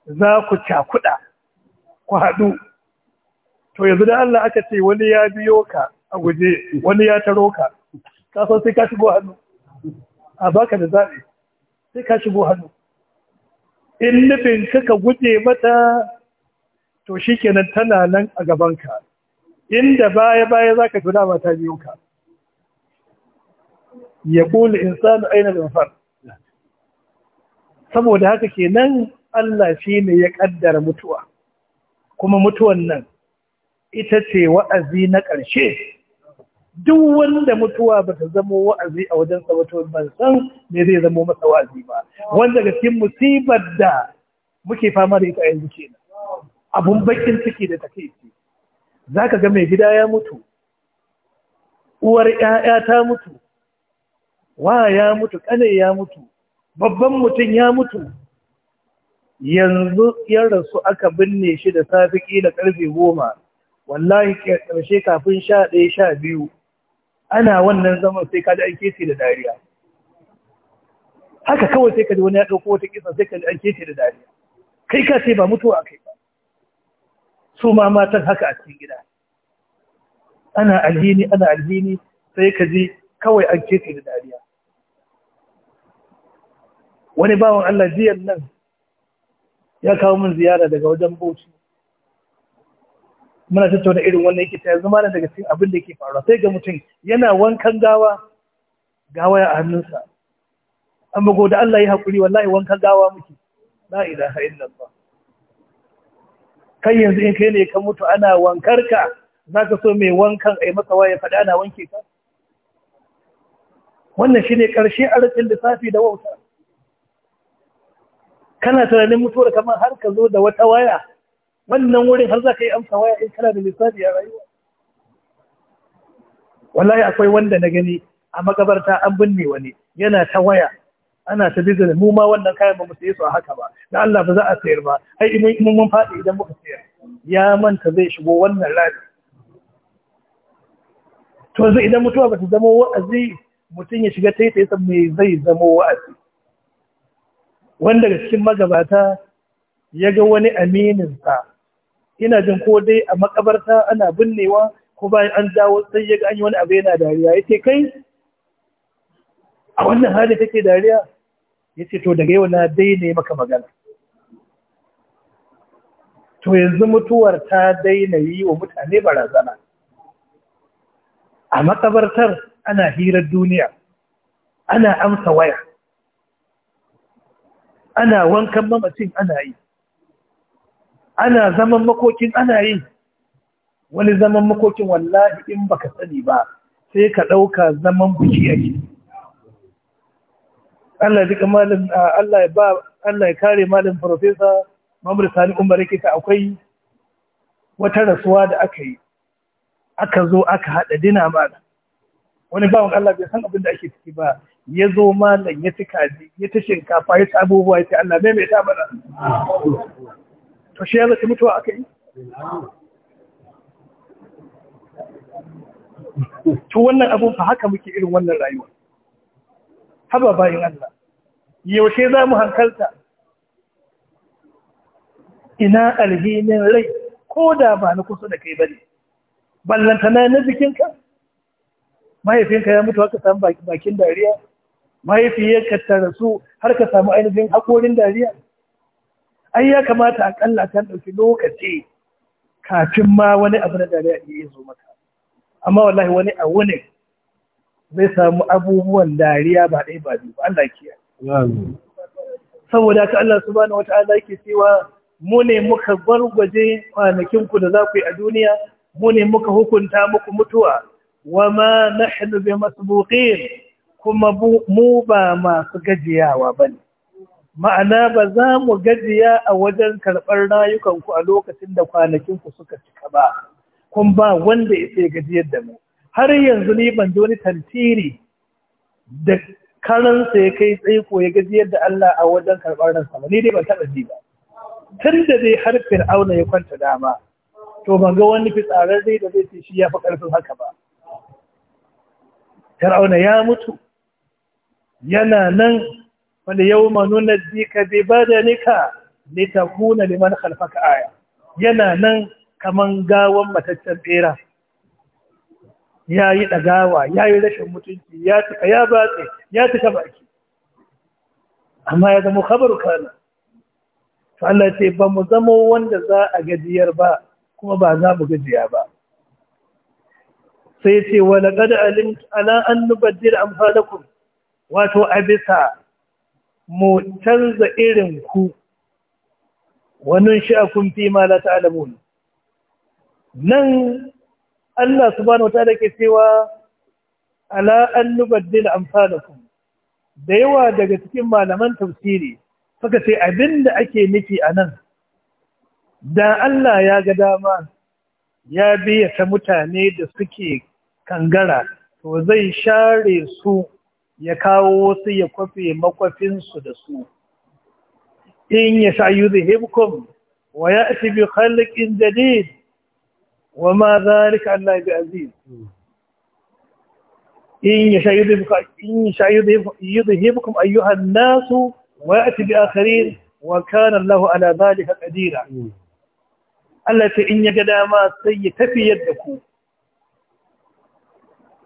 za ku cakuda ku haɗu to yanzu da Allah aka ce wani ya biyo ka a guje wani ya taro ka ka so sai ka shigo hannu a baka da zaɓi sai ka shigo hannu in nufin ka guje mata to shikenan tana nan a gaban ka. inda baya baya zaka ka dama ta biyo ka ya kula insanu aina da mafar saboda haka kenan Allah shi ne ya ƙaddara mutuwa kuma mutuwan nan ita ce wa'azi na ƙarshe duk wanda mutuwa ba ta zama wa'azi a wajen sabato ban san me zai zama masa wa'azi ba wanda ga cikin musibar da muke fama da ita yanzu kenan abun bakin ciki da take za ka ga mai gida ya mutu uwar 'ya'ya ta mutu wa ya mutu ƙane ya mutu babban mutum ya mutu yanzu ya aka binne shi da safi ƙila ƙarfe goma wallahi ƙarshe kafin sha ɗaya sha biyu ana wannan zaman sai kada an kece da dariya haka kawai sai kaji wani ya ɗauko wata ƙisa sai kaji an kece da dariya kai ka ce ba mutuwa kai ba su ma matan haka a cikin gida ana alhini ana alhini sai ka je kawai an keke da dariya wani bawan Allah jiyan nan ya kawo min ziyara daga wajen bauchi muna tattauna irin wannan yake ta zama daga cikin abin da ke faruwa sai ga mutum yana wankan gawa gawa a hannunsa Amma bugo da Allah ya haƙuri wallahi wankan gawa muke la ilaha illallah kai yanzu in kai ne ka mutu ana wankar ka za ka so mai wankan a yi masa waye faɗa ana wanke ka wannan shi ne ƙarshe a rikin lissafi da wauta kana tunanin mutuwar kamar har ka zo da wata waya wannan wurin har za ka yi amsa waya in kana da lissafi a rayuwa wallahi akwai wanda na gani a makabarta an binne wani yana ta waya ana ta dizel mu ma wannan kayan ba mu saye su a haka ba na Allah ba za a sayar ba ai idan mun mun faɗi idan muka sayar ya manta zai shigo wannan rami to zai idan mutuwa ba ta zama wa'azi mutum ya shiga ta yi me zai zama wa'azi wanda daga cikin magabata ya ga wani amininsa ina jin ko dai a makabarta ana binnewa ko bayan an dawo sai ya ga an yi wani abu yana dariya ya ce kai a wannan hali take dariya ya ce to daga yau na daina yi maka magana to yanzu mutuwar ta daina yi wa mutane barazana a makabartar ana hirar duniya ana amsa waya ana wankan mamacin ana yi ana zaman makokin ana yi wani zaman makokin wallahi in baka sani ba sai ka ɗauka zaman buki ake Allah ya Allah ya ba Allah ya kare malam professor Muhammad Sani Umar yake ta akwai wata rasuwa da aka yi aka zo aka hada dina mana. wani bawon Allah bai san abin da ake ciki ba ya zo malam ya ci kaji ya ta shinkafa ya ta abubuwa ya ce Allah mai mai ta bana to shi ya zaci mutuwa aka yi to wannan abun fa haka muke irin wannan rayuwa haba bayin Allah yaushe za mu hankalta ina alhinin rai ko da ba na kusa da kai bane ballanta na jikinka mahaifinka ya mutu haka samu bakin dariya mahaifiyarka ta rasu har ka samu ainihin haƙorin dariya ai ya kamata akalla kan ɗauki lokaci kafin ma wani abu na dariya iya zo maka amma wallahi wani a wani zai samu abubuwan dariya ba ɗai ba biyu Allah saboda ka Allah subhanahu wata'ala yake cewa mu ne muka gwargwaje kwanakin ku da za ku yi a duniya mu ne muka hukunta muku mutuwa wa ma nahnu bi masbuqin kuma mu ba masu gajiyawa bane ma'ana ba za mu gajiya a wajen karɓar rayukanku a lokacin da kwanakin ku suka cika ba, kun ba wanda ya ce gajiyar da mu. har yanzu ni ban ji wani tantiri da karansa ya kai tsaiko ya gaji yadda Allah a wajen karɓar nan sama, ni dai ban taɓa ji ba tun da dai har fir'auna ya kwanta dama to ban ga wani dai da zai ce shi ya fi ƙarfin haka ba fir'auna ya mutu yana nan wanda yau manuna jika bi badanika litakuna liman khalfaka aya yana nan kaman gawan mataccen bera ya yi ɗagawa ya yi rashin mutunci ya tuka ya batse ya tuka baki amma ya zama khabar kana to Allah ce ba mu zama wanda za a gajiyar ba kuma ba za mu gajiya ba sai ce wa laqad alim ala an nubaddil amfalakum wato a bisa mu canza irin ku wannan shi akun fi ma la ta'lamun nan Allah subhanahu wataala ke cewa ala an nubaddil amsalakum da yawa daga cikin malaman tafsiri suka ce abinda ake nufi nan. da Allah ya ga dama ya biya ta mutane da suke kangara to zai share su ya kawo wasu ya kwafe makwafinsu da su in ya sha yuzhibkum wa ya'ti bi khalqin jadid wa ma zalika Allah bi aziz in yashayidhukum ayyuha an-nas wa ya'ti bi akharin wa kana Allah ala zalika qadira Allah ta in ya ga dama sai ya tafi da ku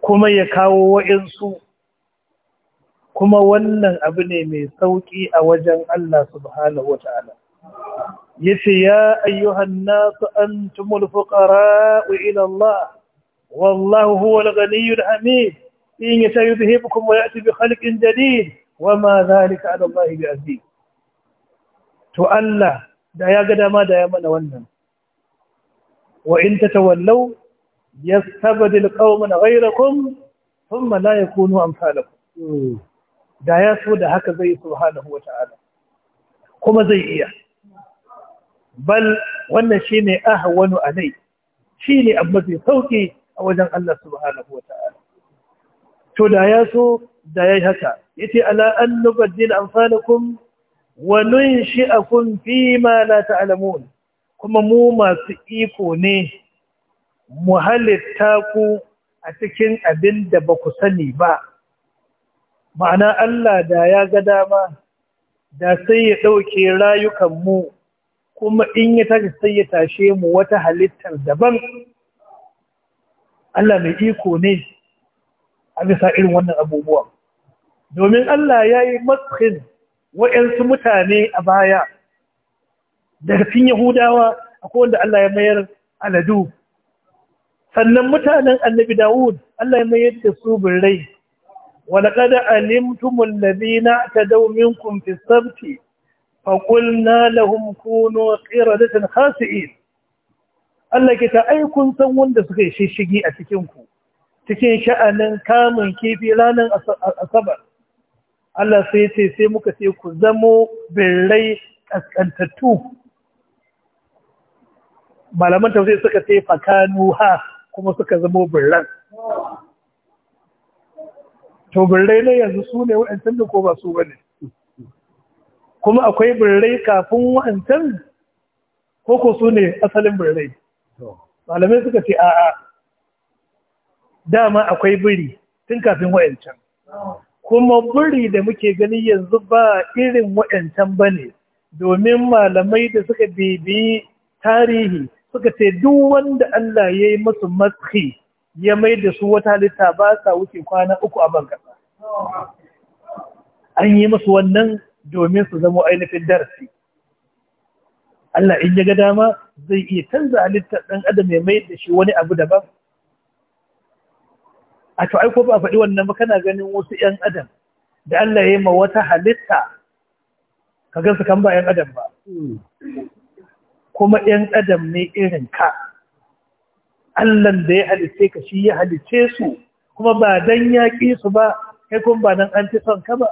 kuma ya kawo wa'insu kuma wannan abu ne mai sauƙi a wajen Allah subhanahu wa ta'ala. يث يا أيها الناس أنتم الفقراء إلى الله والله هو الغني الحميد إن سيذهبكم ويأتي بخلق جديد وما ذلك على الله بأزيد تؤلى دا يقدى ما دا يمن ونن وإن تتولوا يستبدل قوما غيركم ثم لا يكونوا أمثالكم دا يسود هكذا سبحانه وتعالى كما زي إياه bal wannan shine ahwanu alai ne abu mafi sauƙi a wajen Allah subhanahu to da ya so da yi haka yace ala an nubaddil anfalakum wa nunshi'akum fima la ta'lamun kuma mu masu iko ne mu halitta ku a cikin abin da ba ku sani ba ma'ana Allah da ya ga dama da sai ya ɗauke rayukanmu kuma in ya tashi sai ya tashe mu wata halittar daban Allah mai iko ne a bisa irin wannan abubuwa domin Allah ya yi matsin wa'yansu mutane a baya daga cikin Yahudawa akwai wanda Allah ya mayar aladu sannan mutanen annabi Dawud Allah ya mayar da su birrai ولقد علمتم الذين اعتدوا منكم في السبت فقلنا لهم كونوا قردة خاسئين Allah ke ta aikun san wanda suka yi shishigi a cikinku cikin sha'anin kamun kifi ranar asabar Allah sai ce sai muka ce ku zamo birrai kaskantattu malaman sai suka ce fakanu ha kuma suka zamo birran to birrai na yanzu su ne waɗancan da ko ba su bane kuma akwai birrai kafin wa'ancan koko su ne asalin birrai malamai suka ce a'a dama akwai biri tun kafin wa'ancan kuma biri da muke gani yanzu ba irin wa'ancan ba ne domin malamai da suka bibi tarihi suka ce duk wanda Allah ya yi masu matsi ya mai da su wata halitta ba sa wuce kwana uku a bankasa an yi masu wannan domin su zama ainihin darasi Allah in ya ga dama zai iya canza halittar ɗan adam ya mai da shi wani abu daban a to ai ko ba faɗi wannan ba kana ganin wasu 'yan adam da Allah ya yi ma wata halitta ka gansu kan ba ƴan adam ba kuma 'yan adam ne irin ka Allah da ya halice ka shi ya halicce su kuma ba dan yaƙi su ba kai kuma ba dan an fi son ka ba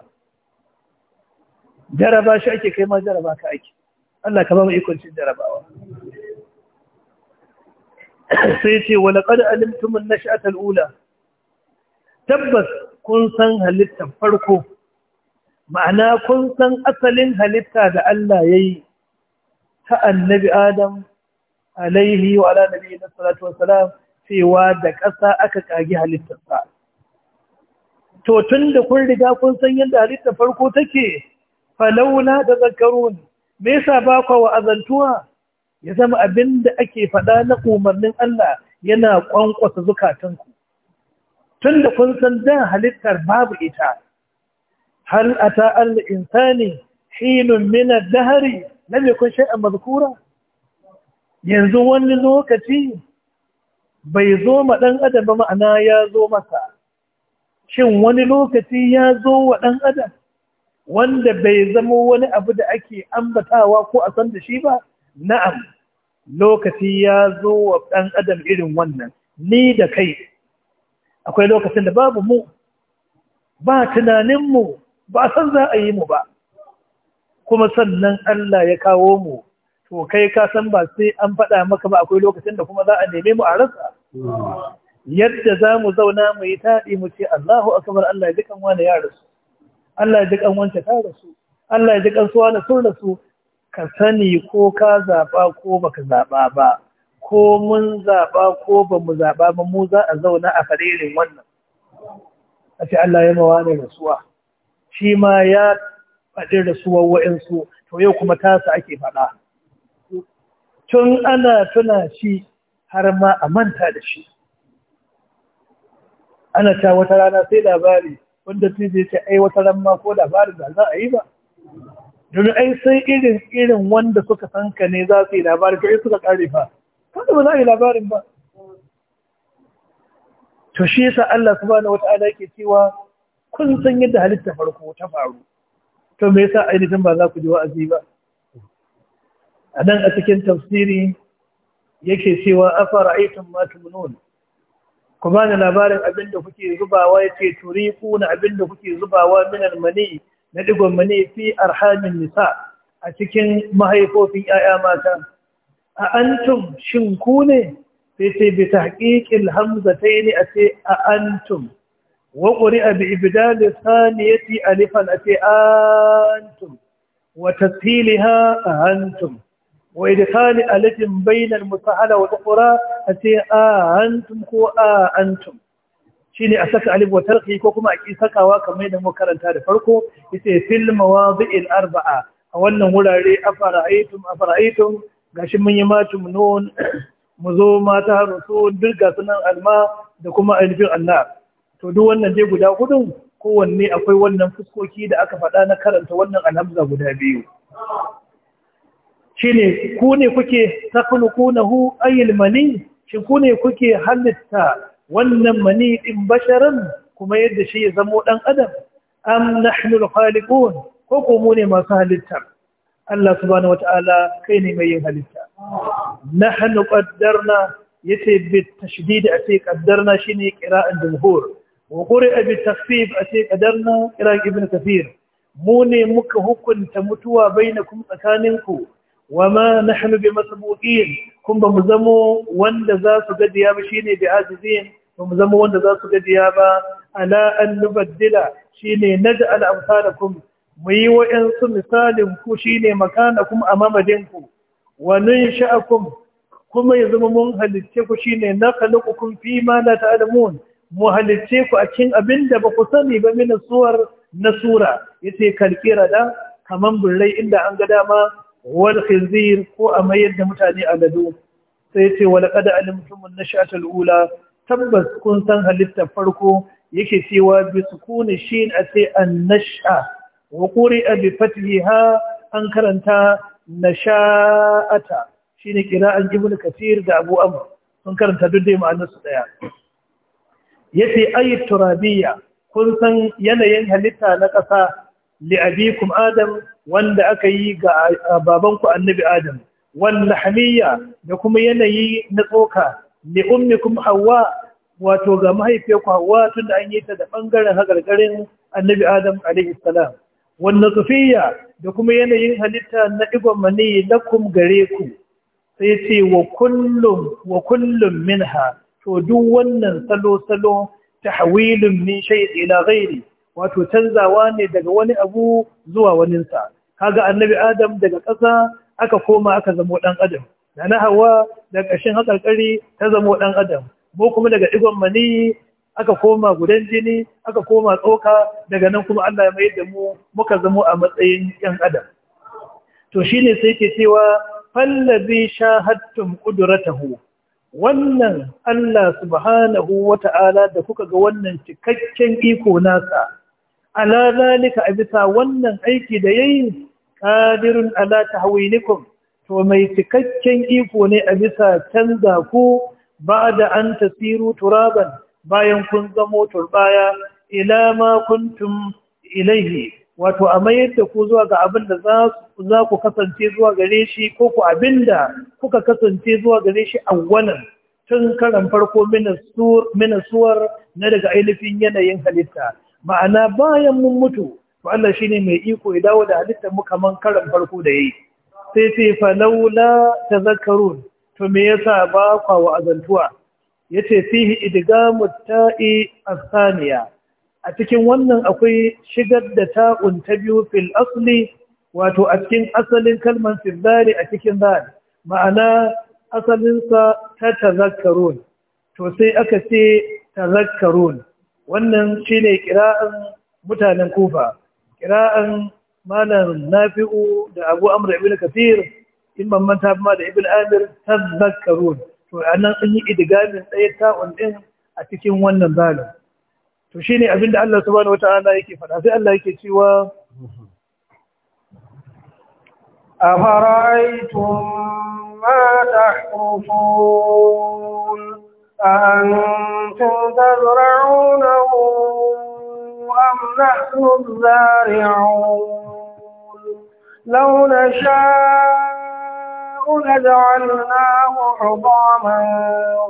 jaraba shi ake kai ma jaraba ka ake Allah ka ba mu ikon jarabawa <coughs> sai ce wa laqad alimtum an-nash'ata al-ula tabbas kun san halittar farko ma'ana kun san asalin halitta da Allah yayi ta annabi Adam alaihi wa ala nabiyina salatu wassalam cewa da ƙasa aka kage halittarsa to tun da kun riga kun san yadda halittar farko take falaula da zakarun me yasa ba kwa wa azantuwa ya zama abin da ake faɗa na umarnin Allah yana kwankwasa zukatanku tun da kun san da halittar babu ita hal ata al insani hinun min ad-dahri lam yakun shay'an madhkura yanzu wani lokaci bai zo ma dan adam ba ma'ana ya zo masa shin wani lokaci ya zo wa dan adam wanda bai zama wani abu da ake ambatawa ko a san da shi ba na'am lokaci ya zo wa ɗan adam irin wannan ni da kai akwai lokacin da babu mu ba tunaninmu ba san za a yi mu ba kuma sannan Allah ya kawo mu to kai ka san ba sai an faɗa maka ba akwai lokacin da kuma za a neme mu a rasa mm. yadda za mu zauna mu yi taɗi mu ce Allahu akbar Allah ya dukan wani ya rasu Allah ya ji kan wance ta rasu Allah ya ji kan suwa da sun rasu ka sani ko ka zaɓa ko baka zaɓa ba ko mun zaɓa ko ba mu zaɓa ba mu za a zauna a farerin wannan a ce Allah ya mawa ne rasuwa shi ma ya faɗi rasuwar wa'insu to yau kuma tasa ake faɗa tun ana tuna shi har ma a manta da shi ana ta wata rana sai labari wanda sai zai ce ai wata ran ma ko labarin da za a yi ba domin ai sai irin irin wanda suka san ka ne za su yi labarin to suka kare fa kada ba za a yi labarin ba to shi yasa Allah subhanahu wata'ala yake cewa kun san yadda halitta farko ta faru to me yasa ainihin ba za ku ji wa'azi ba a nan a cikin tafsiri yake cewa afara'aytum ma tumnun ku ba ni labarin abinda kuke zubawa ya ce turiku na abin kuke zubawa minan mani na digon mani fi arhamin nisa a cikin mahaifofin 'ya'ya mata a antum shin ku ne sai ce bi tahqiqil hamzatayn a ce a antum wa quri'a bi ibdal saniyati alifan a ce antum wa tasheeliha antum wa idkhal alifin bayna al-musahala wa ukhra a ce a antum ko a antum shi ne a saka alif wa ko kuma a ƙi sakawa kamar yadda muka karanta da farko Ita filma wa mawadhi'il arba'a a wannan wurare afara'aytum ga gashi mun yi matum nun <clears throat> mu zo mata rusu dirga sunan alma da kuma alifin anna to duk wannan dai guda hudun kowanne akwai wannan fuskoki da aka faɗa na karanta wannan alhamza guda biyu Shi ne ku ne kuke taflukunahu ayyul mani shi ku ne kuke halitta wannan mani ɗin basharan kuma yadda shi ya zamo ɗan adam am nahnu al-khaliqun ko ko ne masu halitta Allah subhanahu kai ne mai yin halitta nahnu qaddarna yace bi tashdid ate qaddarna shine qira'an jumhur wa qira'a bi takhfif ate qaddarna qira'an ibn kathir mu ne muka hukunta mutuwa kuma tsakaninku wa ma nahnu bi masbuqin kun ba mu zamo wanda za su gadiya ba shine bi azizin ba mu zamo wanda za su gadiya ba ala an nubaddila shine naj'al amsalakum mu yi wa'ansu misalin ku shine makanakum amamadin ku wa nunsha'akum kuma ya zama mun halicce ku shine na khalaqakum fi ma la ta'lamun mu halicce ku a cikin abinda ba ku sani ba min suwar na sura yace kalkira da kaman burrai inda an ga dama wal khinzir ko a mayar da mutane gado sai ce wal qad alimtum an al-ula tabbas kun san halittar farko yake cewa bi sukuni shin a sai an-nash'a wa quri'a bi fathiha an karanta nasha'ata shine qira'an ibn kathir da abu amr sun karanta duk dai ma'anar su daya yace ayat turabiyya kun san yanayin halitta na ƙasa li'abikum adam wanda aka yi ga babanku annabi adam wal lahmiya da kuma yanayi na tsoka li ummikum hawa wato ga mahaifiyarku hawa tunda an yi ta da bangaren hagargarin annabi adam alaihi salam wal da kuma yanayin halitta na digon mani lakum gare ku sai ce wa kullum wa kullum minha to duk wannan salo salo tahwilun min shay'in ila ghairi wato canzawa ne daga wani abu zuwa waninsa kaga annabi adam daga ƙasa aka koma aka zamo ɗan adam da na hawa daga ƙashin haƙarƙari ta zamo ɗan adam mu kuma daga igon mani aka koma gudan jini aka koma tsoka daga nan kuma Allah ya mai da mu muka zamo a matsayin yan adam to shine sai ke cewa fallabi shahattum ƙuduratahu." wannan Allah subhanahu wata'ala da kuka ga wannan cikakken iko nasa ala zalika a bisa wannan aiki da yayi qadirun ala tahwinikum to mai cikakken iko ne a bisa canza ku ba'da an tasiru turaban bayan kun zamo turbaya ila ma kuntum ilaihi wato a mayar da ku zuwa ga abin da za ku kasance zuwa gare shi ko ku abin da kuka kasance zuwa gare shi awwalan tun karan farko minasuwar na daga ainihin yanayin halitta ma'ana bayan mun mutu to Allah ne mai iko ya dawo da halittar mu kaman karan farko da yayi sai ce fa laula tazakkarun to me yasa ba kwa wa azantuwa Ya ce, fihi idgamu ta'i asaniya a cikin wannan akwai shigar da ta'un ta biyu fil asli wato a cikin asalin kalmar fil a cikin zari ma'ana asalinsa ta tazakkarun to sai aka ce tazakkarun wannan shine kira'an mutanen kufa kira'an malam nafi'u da abu amr ibn kathir in ban manta ma da ibn amir tazakkarun to nan an yi idgamin ɗaya ta'un ɗin a cikin wannan zalim to ne abinda Allah wata wata'ala yake faɗa sai Allah yake cewa أفرأيتم ما تحرثون أأنتم تزرعونه أم نحن الزارعون لو نشاء لجعلناه حطاما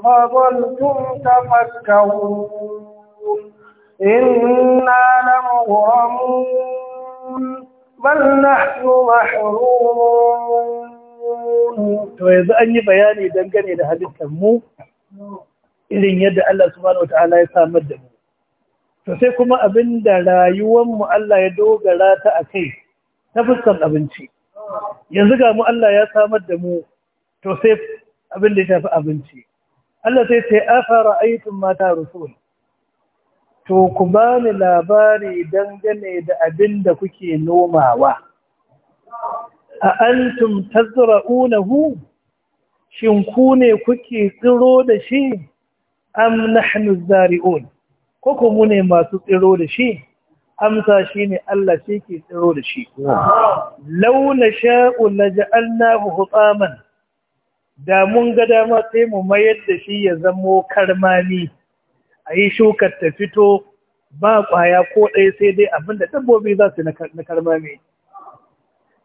فظلتم تفكرون إنا لمغرمون بل نحن محرومون to yanzu an yi bayani dangane da halittar mu irin yadda Allah subhanahu wata'ala ya samar da mu to sai kuma abin da rayuwar mu Allah ya dogara ta akai ta fuskar abinci yanzu ga mu Allah ya samar da mu to sai abin da ya tafi abinci Allah sai sai afara aitun mata rusul to ku ba ni labari dangane da abin da kuke nomawa a antum tazra'unahu shin ku ne kuke tsiro da shi am nahnu zari'un ko ko mu ne masu tsiro da shi amsa shine Allah shi ke tsiro da shi law la ja'alnahu hutaman da mun ga dama sai mu mayar da shi ya zamo karmami ayi shukar ta fito ba kwaya ko ɗaya sai dai abinda dabbobi za su na karmami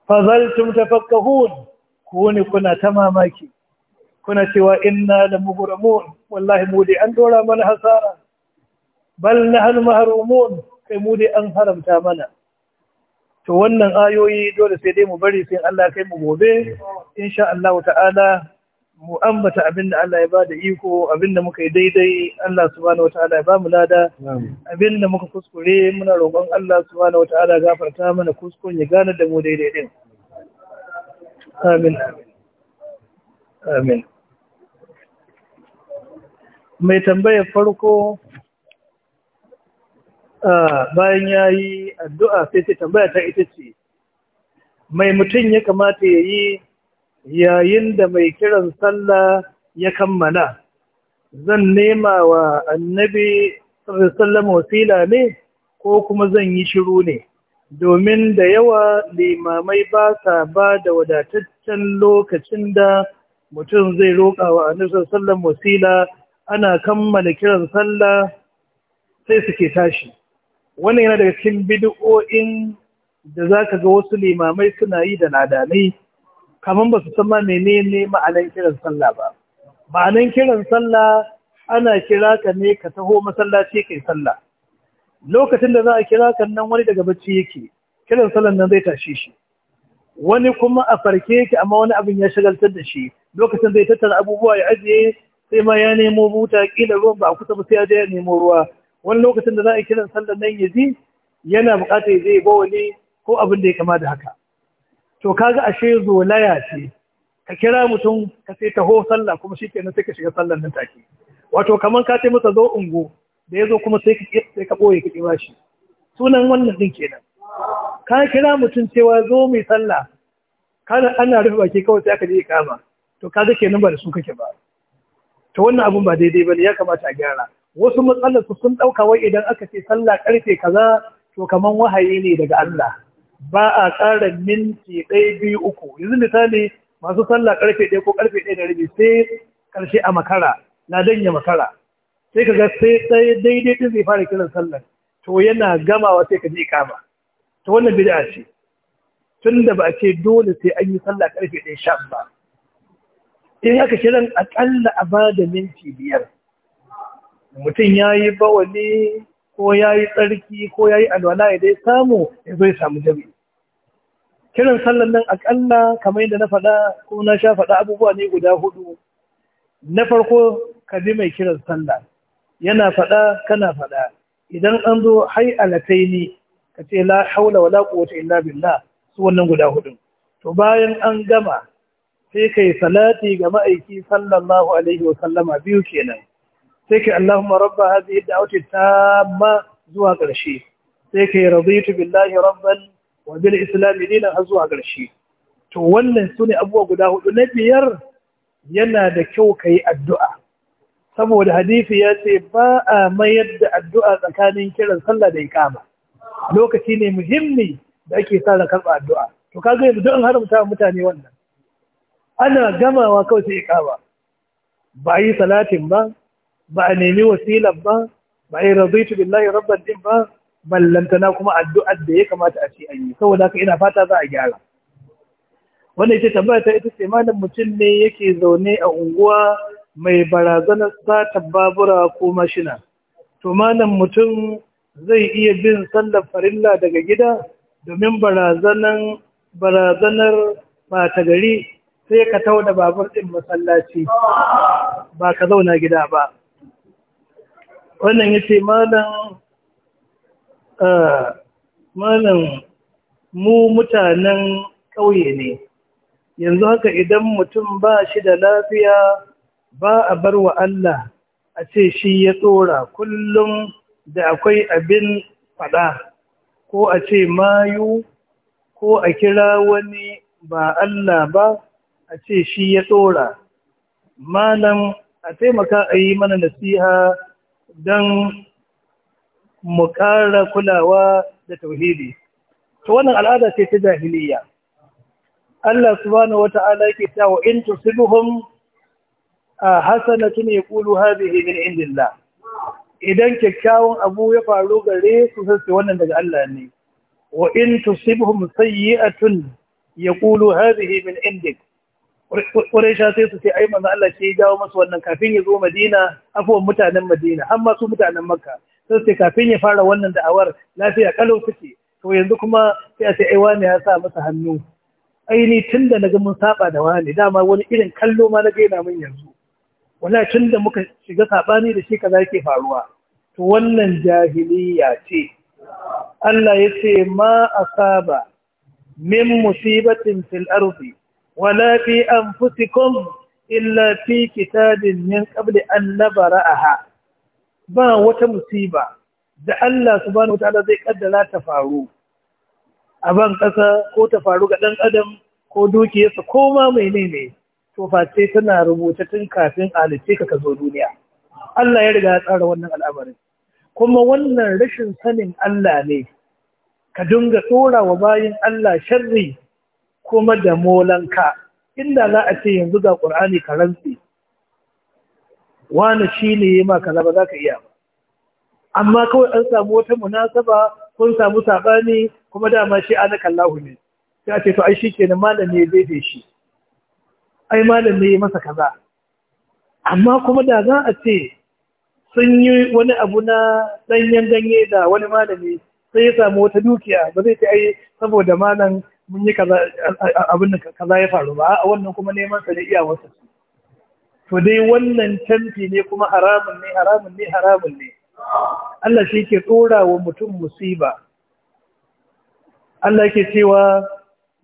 fazaltum tafakkahun ku ne kuna ta mamaki kuna cewa inna da muhramun wallahi mu an dora mana hasara bal nahal mahrumun kai mu an haramta mana to wannan ayoyi dole sai dai mu bari sai Allah kai mu gobe insha Allah ta'ala mu ambata abin da Allah ya ba da iko da muka yi daidai Allah subhanahu ta'ala ya ba mu lada da muka kuskure muna roƙon Allah subhanahu ta'ala gafarta mana kuskuren ya gane da mu daidai din amin amin mai tambayar farko bayan ya yi addu'a sai ce tambaya ta ita ce mai mutum ya kamata ya yi yayin da mai kiran sallah ya kammala zan nema wa annabi sallah wasila ne ko kuma zan yi shiru ne domin da yawa limamai ba sa ba da wadataccen lokacin da mutum zai roƙa wa annabi sallan wasila ana kammala kiran sallah sai suke tashi wannan yana daga cikin bid'o'in da za ka ga wasu limamai suna yi da nadanai kamar ba su san menene ma'anan kiran sallah ba ma'anan kiran sallah ana kira ka ne ka taho masallaci kai sallah lokacin da za a kira ka nan wani daga bacci yake kiran sallan nan zai tashe shi wani kuma a farke yake amma wani abin ya shagaltar da shi lokacin zai tattara abubuwa ya ajiye sai ma ya nemo buta kila ruwan ba a kusa ba sai ya je ya nemo ruwa wani lokacin da za a kiran sallar nan ya ji yana buƙatar ya je ya ko abin da ya kama da haka to kaga ashe zolaya ce ka kira mutum ka sai taho sallah kuma shi kenan sai ka shiga sallar nan take wato kamar ka ce masa zo ungo da ya zo kuma sai ka sai ka boye ka kira shi sunan wannan din kenan ka kira mutum cewa zo mai sallah kana ana rufe baki kawai sai aka je kama to ka kaga kenan ba da su kake ba to wannan abun ba daidai bane ya kamata a gyara wasu matsalar su sun dauka wai idan aka ce sallah karfe kaza to kaman wahayi ne daga Allah ba a ƙara minti ɗaya biyu uku yanzu misali masu sallah karfe ɗaya ko karfe ɗaya da rabi sai karshe a makara na danya makara sai kaga ga sai daidai ɗin zai fara kiran sallar to yana gamawa sai ka je kama. to wannan bid'a ce tun da ba a ce dole sai an yi sallah karfe ɗaya sha ba in aka kiran akalla a ba da minti biyar mutum ya yi bawali ko ya yi tsarki ko ya yi alwala ya dai samu ya zo ya samu jami kiran sallan nan akalla kamar yadda na faɗa ko na sha faɗa abubuwa ne guda hudu na farko ka bi mai kiran salla yana faɗa kana faɗa idan an zo hai alataini ka ce la haula wala quwwata illa billah su wannan guda hudun to bayan an gama sai kai salati ga ma'aiki sallallahu alaihi wa sallama biyu kenan sai kai Allahumma rabba hadhihi ta ma zuwa ƙarshe sai kai raditu billahi rabban wa bil ne dinan har zuwa ƙarshe to wannan sune abubuwa guda hudu na biyar yana da kyau kai addu'a saboda hadifi ya ce ba a mayar da addu'a tsakanin kiran sallah da ikama lokaci ne muhimmi da ake sa da karɓa addu'a to kaga yanzu don haramta mutane wannan ana gamawa kawai sai ikaba ba yi salatin ba ba a nemi wasilan ba ba a yi razaitu billahi rabban din ba ballantana kuma addu'ar da ya kamata a ce an yi saboda haka ina fata za a gyara wanda ita tambaya ta ita ce malam mutum ne yake zaune a unguwa mai barazanar satan babura ko mashina to malam mutum zai iya bin sallar farilla daga gida domin barazanar ba ta gari sai ka tau da babur ɗin masallaci ba ka zauna gida ba wannan ya ce eh, malam mu mutanen ƙauye ne yanzu haka idan mutum ba shi da lafiya ba a bar wa Allah a ce shi ya tsora kullum da akwai abin faɗa ko a ce mayu ko a kira wani ba Allah ba a ce shi ya tsora malam a taimaka a yi mana nasiha don mu ƙara kulawa da tauhidi to wannan al'ada ce ta jahiliya Allah subhanahu wata'ala yake wa in tusibuhum hasanatun yaqulu hadhihi min indillah idan kyakkyawan abu ya faru gare su sai wannan daga Allah ne wa in tusibhum sayyi'atun yaqulu hadhihi min indik sha sai su ce ai manzo Allah ce ya jawo masu wannan kafin ya zo Madina afuwan mutanen Madina har ma su mutanen Makka sai su ce kafin ya fara wannan da'awar lafiya kalo kuke, to yanzu kuma sai a ce ai wani ya sa masa hannu ai ni tunda naga mun saba da wani dama wani irin kallo ma na gaina mun yanzu wallahi tunda muka shiga sabani da shi kaza yake faruwa to wannan jahiliya ce Allah ya ce ma asaba min musibatin fil ardi Wala في أنفسكم illa fi كتاب من قبل أن ba wata musiba da Allah subhanahu wataala zai kaddara ta faru a ban ƙasa ko ta faru ga ɗan adam ko dukiyarsa ko ma menene to face tana rubuta tun kafin alice ka zo duniya Allah ya riga ya tsara wannan al'amarin kuma wannan rashin sanin Allah ne ka dinga tsora wa bayin Allah sharri kuma da molanka inda za a ce yanzu ga ƙur'ani ka rantse wani shi ne ya maka ba za ka iya ba amma kawai an samu wata munasaba kun samu saɓani kuma dama shi ana kallahu ne sai a ce to ai shi ke malam malami ya daidai shi ai malam ya masa kaza amma kuma da za a ce sun yi wani abu na ɗanyen ganye da wani malami sai ya samu wata dukiya ba zai ce ai saboda malam mun yi kaza abin kaza ya faru ba wannan kuma neman sa da iyawarsa to dai wannan canfi ne kuma haramun ne haramun ne haramun ne Allah shi ke tsora wa mutum musiba Allah ke cewa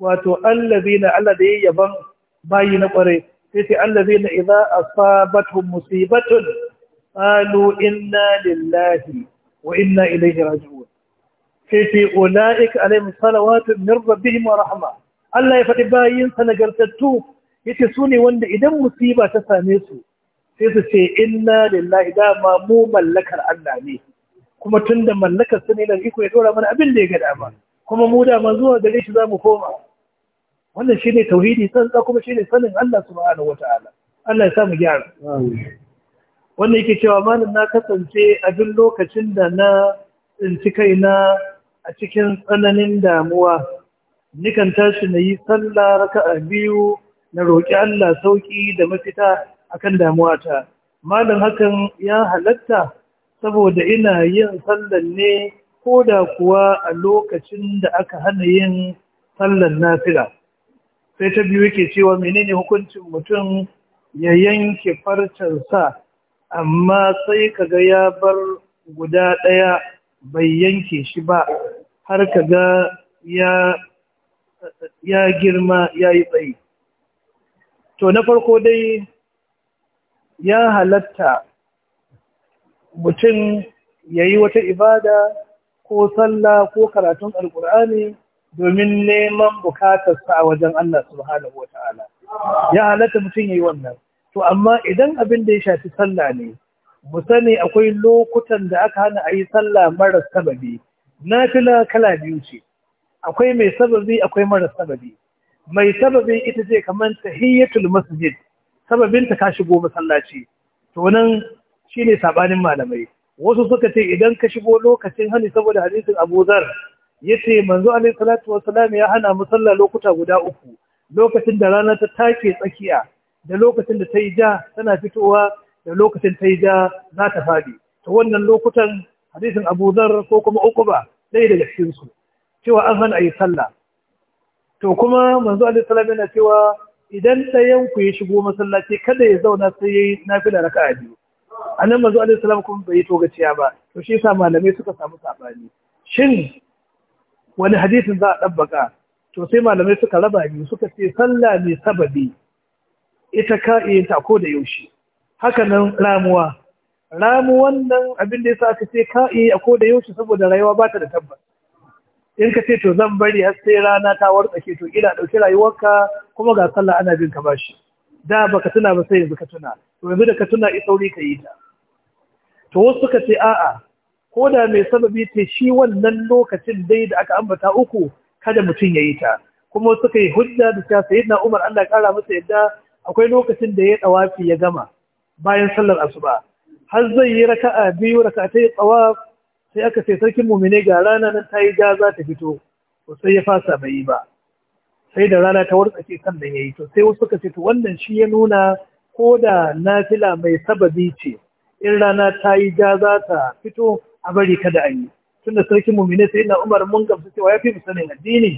wato allazina Allah da yayyaban bayi na kware sai sai fa idza asabatuhum musibatun qalu inna lillahi wa inna ilaihi raji'un sai ce ula'ik alaihim salawatu mirza bihim wa rahma Allah ya faɗi bayin sa nagartattu yace su ne wanda idan musiba ta same su sai su ce inna lillahi dama mu mallakar Allah ne kuma tunda mallakar su ne da iko ya dora mana abin da ya ga dama kuma mu dama zuwa gare shi zamu koma wannan shine tauhidi tsantsa kuma shine sanin Allah subhanahu wataala Allah ya sa mu gyara wannan yake cewa malam na kasance a duk lokacin da na tsinci kaina a cikin tsananin damuwa nikan tashi na yi sallah raka'a biyu na roƙi Allah sauƙi da mafita akan damuwata malam hakan ya halatta saboda ina yin sallan ne ko da kuwa a lokacin da aka hana yin sallan nafila sai ta biyu yake cewa menene hukuncin mutum ya yanke sa amma sai kaga ya bar guda ɗaya bai yanke shi ba har ka ga ya girma ya yi tsayi to na farko dai ya halatta mutum ya yi wata ibada ko sallah ko karatun alkur'ani domin neman bukatarsa a wajen Allah subhanahu wa ta'ala ya halatta mutum ya yi wannan to amma idan abin da ya shafi sallah ne mu sani akwai lokutan da aka hana a yi sallah marar sababi nafila kala biyu ce akwai mai sababi akwai mara sababi mai sababi ita ce kamar tahiyyatul masjid sababin ta ka shigo masallaci to nan shine sabanin malamai wasu suka ce idan ka shigo lokacin hani saboda hadisin Abu Dharr yace manzo alaihi salatu ya hana mu lokuta guda uku lokacin da rana ta take tsakiya da lokacin da ta yi ja tana fitowa da lokacin ta yi ja za ta fadi to wannan lokutan hadisin Abu Dharr ko kuma Uqba ɗaya daga su cewa an hana a yi sallah to kuma manzo alaihi yana cewa idan ɗayan ku ya shigo masallaci kada ya zauna sai yayi nafila raka'a biyu anan manzo alaihi kuma bai to gaciya ba to shi sa malamai suka samu sabani shin wani hadisin za a dabbaka to sai malamai suka raba biyu suka ce sallah mai sababi ita ka iya ta ko da yaushe haka nan ramuwa ramu wannan abin da sa aka ce ka yi a koda yaushe saboda rayuwa ba ta da tabbas in ka ce to zan bari har sai rana ta wartsake to ina ɗauki rayuwarka kuma ga sallah ana bin ka bashi da baka tuna ba sai yanzu ka tuna to yanzu da ka tuna i sauri ka yi ta to wasu suka ce a'a ko da mai sababi ce shi wannan lokacin dai da aka ambata uku kada mutum ya yi ta kuma suka yi hujja da ta sayi na umar allah kara masa yadda akwai lokacin da ya dawafi ya gama bayan sallar asuba har zai yi raka'a biyu raka ta yi tsawaf sai aka ce sarkin mumine ga rana nan ta yi ja za ta fito to sai ya fasa bai yi ba sai da rana ta wartsake kan da ya yi to sai wasu ka ce to wannan shi ya nuna ko da nafila mai sababi ce in rana ta yi ja za ta fito a bari kada a yi tunda sarkin mumine sai na umar mun gamsu cewa ya fi mu sanin addini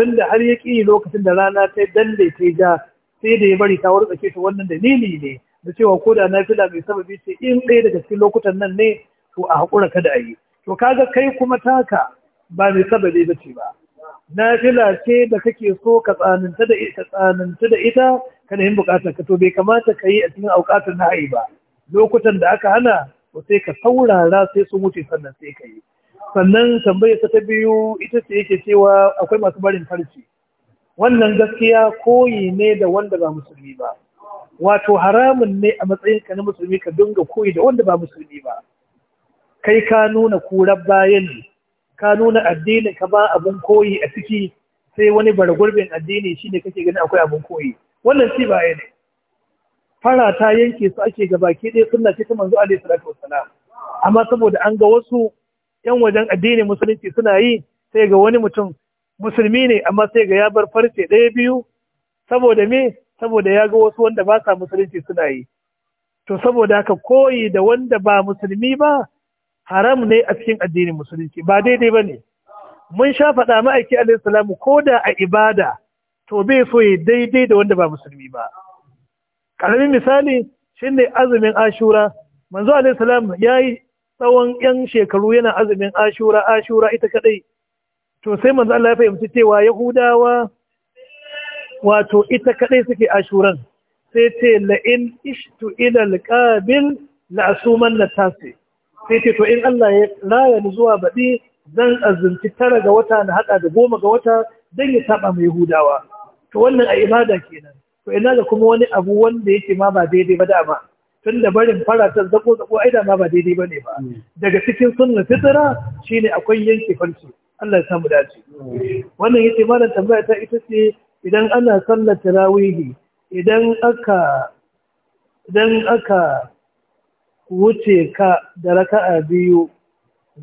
tunda har ya ƙi lokacin da rana ta dalle ta ja sai da ya bari ta wartsake to wannan dalili ne da cewa ko da nafila mai sababi ce in ɗaya daga cikin lokutan nan ne to a haƙura kada a yi to kaga kai kuma taka ba mai sababi ba ce ba nafila ce da kake so ka tsananta da ita tsananta da ita ka yin bukatar ka to bai kamata ka yi a cikin aukatar na ba lokutan da aka hana to sai ka saurara sai su wuce sannan sai ka yi sannan tambayar ta biyu ita ce yake cewa akwai masu barin farci wannan gaskiya koyi ne da wanda ba musulmi ba wato haramun ne a matsayin ka na musulmi ka dinga koyi da wanda ba musulmi ba kai ka nuna kurar bayan ka nuna addini ka ba abun koyi a ciki sai wani gurbin addini shine kake gani akwai abun koyi wannan ci ba ne fara ta yanke su ake ga baki ɗaya sunna ce ta manzo alaihi salatu wasalam amma saboda an ga wasu yan wajen addini musulunci suna yi sai ga wani mutum musulmi ne amma sai ga ya bar farce ɗaya biyu saboda me saboda ya ga wasu wanda ba sa musulunci suna yi to saboda haka koyi da wanda ba musulmi ba haram ne a cikin addinin musulunci ba daidai ba ne mun sha faɗa ma'aiki alaihi salamu ko da a ibada to bai so ya daidai da wanda ba musulmi ba ƙaramin misali shi ne azumin ashura manzo alaihi salamu ya yi tsawon yan shekaru yana azumin ashura ashura ita kaɗai to sai manzo Allah ya fahimci cewa yahudawa wato ita kadai suke ashuran sai ce la'in ishtu ila alqabil la'asuman na tasi sai ce to in Allah ya raya ni zuwa baɗi zan azunci tara ga wata na haɗa da goma ga wata don ya taɓa mai hudawa to wannan a ibada kenan to ina da kuma wani abu wanda yake ma ba daidai ba da tun da barin faratar zako zako aida ma ba daidai ba ne ba mm. daga cikin sunna fitira shine akwai yanke farce Allah ya samu dace mm. wannan yace malam tambaya ta ita ce idan ana sallar tarawihi idan aka idan aka wuce ka da raka'a biyu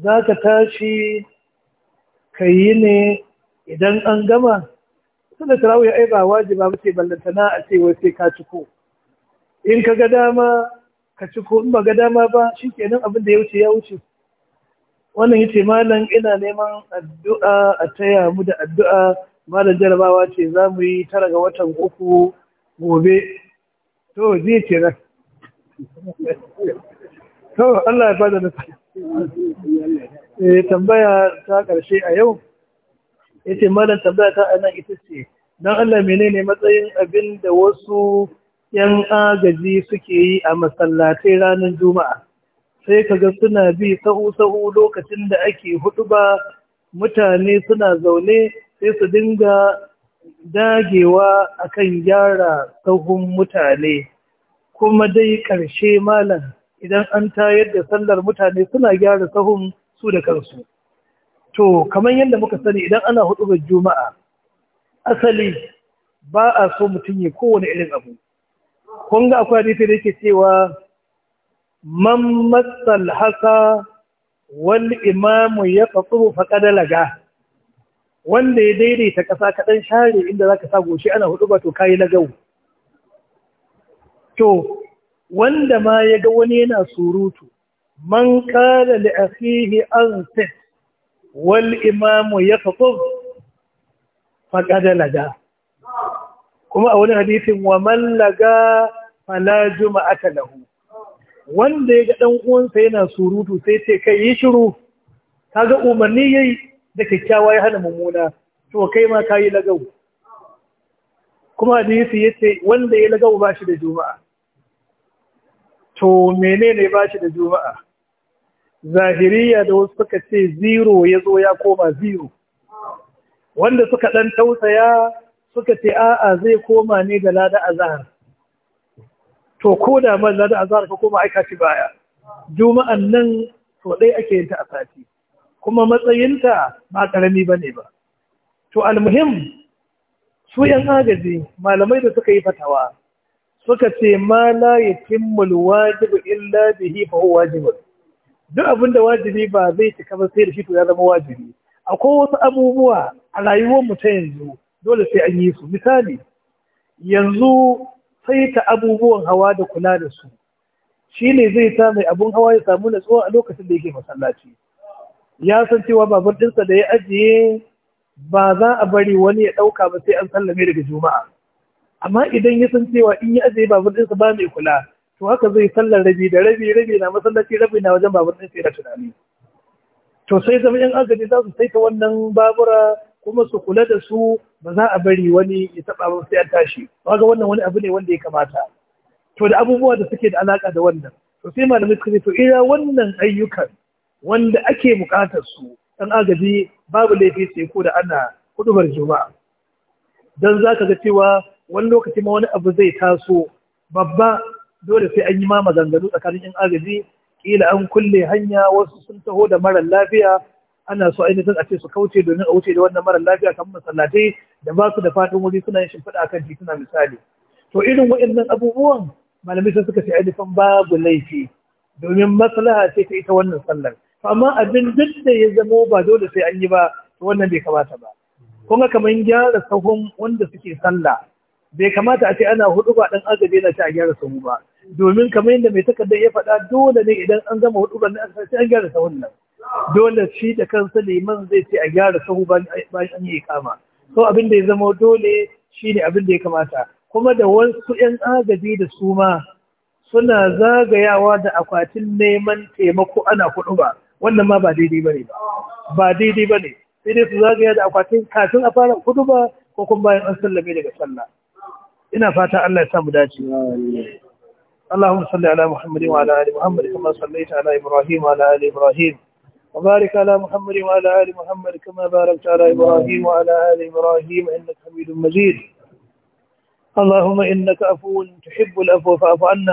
za ka tashi ka yi ne idan an gama sallar tarawih ai ba wajiba ba ce ballantana a ce wai sai ka ciko in ka ga dama ka ciko in ba ga dama ba shikenan abin da ya wuce ya wuce wannan yace malam ina neman addu'a a taya mu da addu'a malam jarabawa ce za mu yi tara ga watan uku gobe to zai ce nan <laughs> to Allah ya bada nasa eh tambaya ta karshe a yau yace malam tambaya ta anan ita ce dan Allah menene matsayin abin da wasu yan agaji suke yi a masallatai ranar juma'a sai ka ga suna bi sahu sahu lokacin da ake hudu ba mutane suna zaune sai su dinga dagewa akan gyara sahun mutane kuma dai ƙarshe malam idan an tayar da sallar mutane suna gyara sahun su da kansu to kamar yadda muka sani idan ana hudu juma'a asali ba a so mutum ya kowane irin abu kun akwai hadisi da yake cewa man matsal haka wal imamu ya fatsuru faƙada laga wanda ya daidaita ƙasa kaɗan share inda za ka sa goshi ana hudu ba to kayi lagau to wanda ma ya ga wani yana surutu man ƙara da an ansit wal imamu ya faɗo faƙada laga kuma a wani hadisin wa man laga fala ta lahu wanda ya ga ɗan uwansa yana surutu sai ce kai yi shiru ga umarni yayi da kyakkyawa ya hana mummuna to kai ma kayi lagau kuma hadisi yace wanda ya lagau ba shi da juma'a to menene ba shi da juma'a zahiriya da wasu suka ce zero ya zo ya koma zero wanda suka ɗan tausaya suka ce a'a zai koma ne da lada azhar to ko da ma lada azhar ka koma aika ci baya juma'an nan to dai ake yin ta a sati kuma matsayinta ba ƙarami ba ne ba to almuhim su ‘yan agaji malamai da suka yi fatawa suka ce ma la ya timmul wajibu illa bihi fa huwa wajibun duk abin da wajibi ba zai cika ba sai da shi to ya zama wajibi akwai wasu abubuwa a rayuwar mu ta yanzu dole sai an yi su misali yanzu sai ta abubuwan hawa da kula da su shine zai sa mai abun hawa ya samu natsuwa a lokacin da yake masallaci ya san cewa babar ɗinsa da ya ajiye ba za a bari wani ya ɗauka ba sai an sallame daga juma'a amma idan ya san cewa in ya ajiye babur ɗinsa ba mai kula to haka zai sallar rabi da rabi rabi na masallaci rabi na wajen babur dinsa ya tunani to sai zama yan agaji za su saita wannan babura kuma su kula da su ba za a bari wani ya taɓa ba sai an tashi ga wannan wani abu ne wanda ya kamata to da abubuwa da suke da alaƙa da wannan to sai malamai suka to ira wannan ayyukan wanda ake bukatar su dan agaji babu laifi sai ko da ana hudubar juma'a dan zaka ga cewa wani lokaci ma wani abu zai taso babba dole sai an yi ma maganganu tsakanin yan agaji kila an kulle hanya wasu sun taho da marar lafiya ana so ainihin a ce su kauce domin a wuce da wannan marar lafiya kamar masallatai da ba su da faɗin wuri suna yin shimfiɗa akan tituna misali to irin waɗannan abubuwan malamai sun suka ce ainihin babu laifi domin maslaha ce ta ita wannan sallar amma abin duk da ya zamo ba dole sai an yi ba wannan bai kamata ba kuma kamar gyara sahun wanda suke sallah bai kamata a ce ana hudu ba dan azabi na ta gyara sahu ba domin kamar yadda mai takardar ya faɗa dole ne idan an gama hudu ban sai an gyara sahun nan dole shi da kansa liman zai ce a gyara sahu bayan an yi kama. so abin da ya zamo dole shine abin da ya kamata kuma da wasu 'yan agaji da su ma suna zagayawa da akwatin neman taimako ana huɗu ba wannan ma ba daidai ba ba daidai bane sai dai su zagaya da akwatin kafin a fara kudu ko kuma bayan an sallame daga sallah ina fata Allah ya samu dace اللهم صل على محمد وعلى ال محمد كما صليت على ابراهيم وعلى ال ابراهيم وبارك على محمد وعلى ال محمد كما باركت على ابراهيم وعلى ال ابراهيم انك حميد مجيد اللهم انك عفو تحب العفو فاعف عنا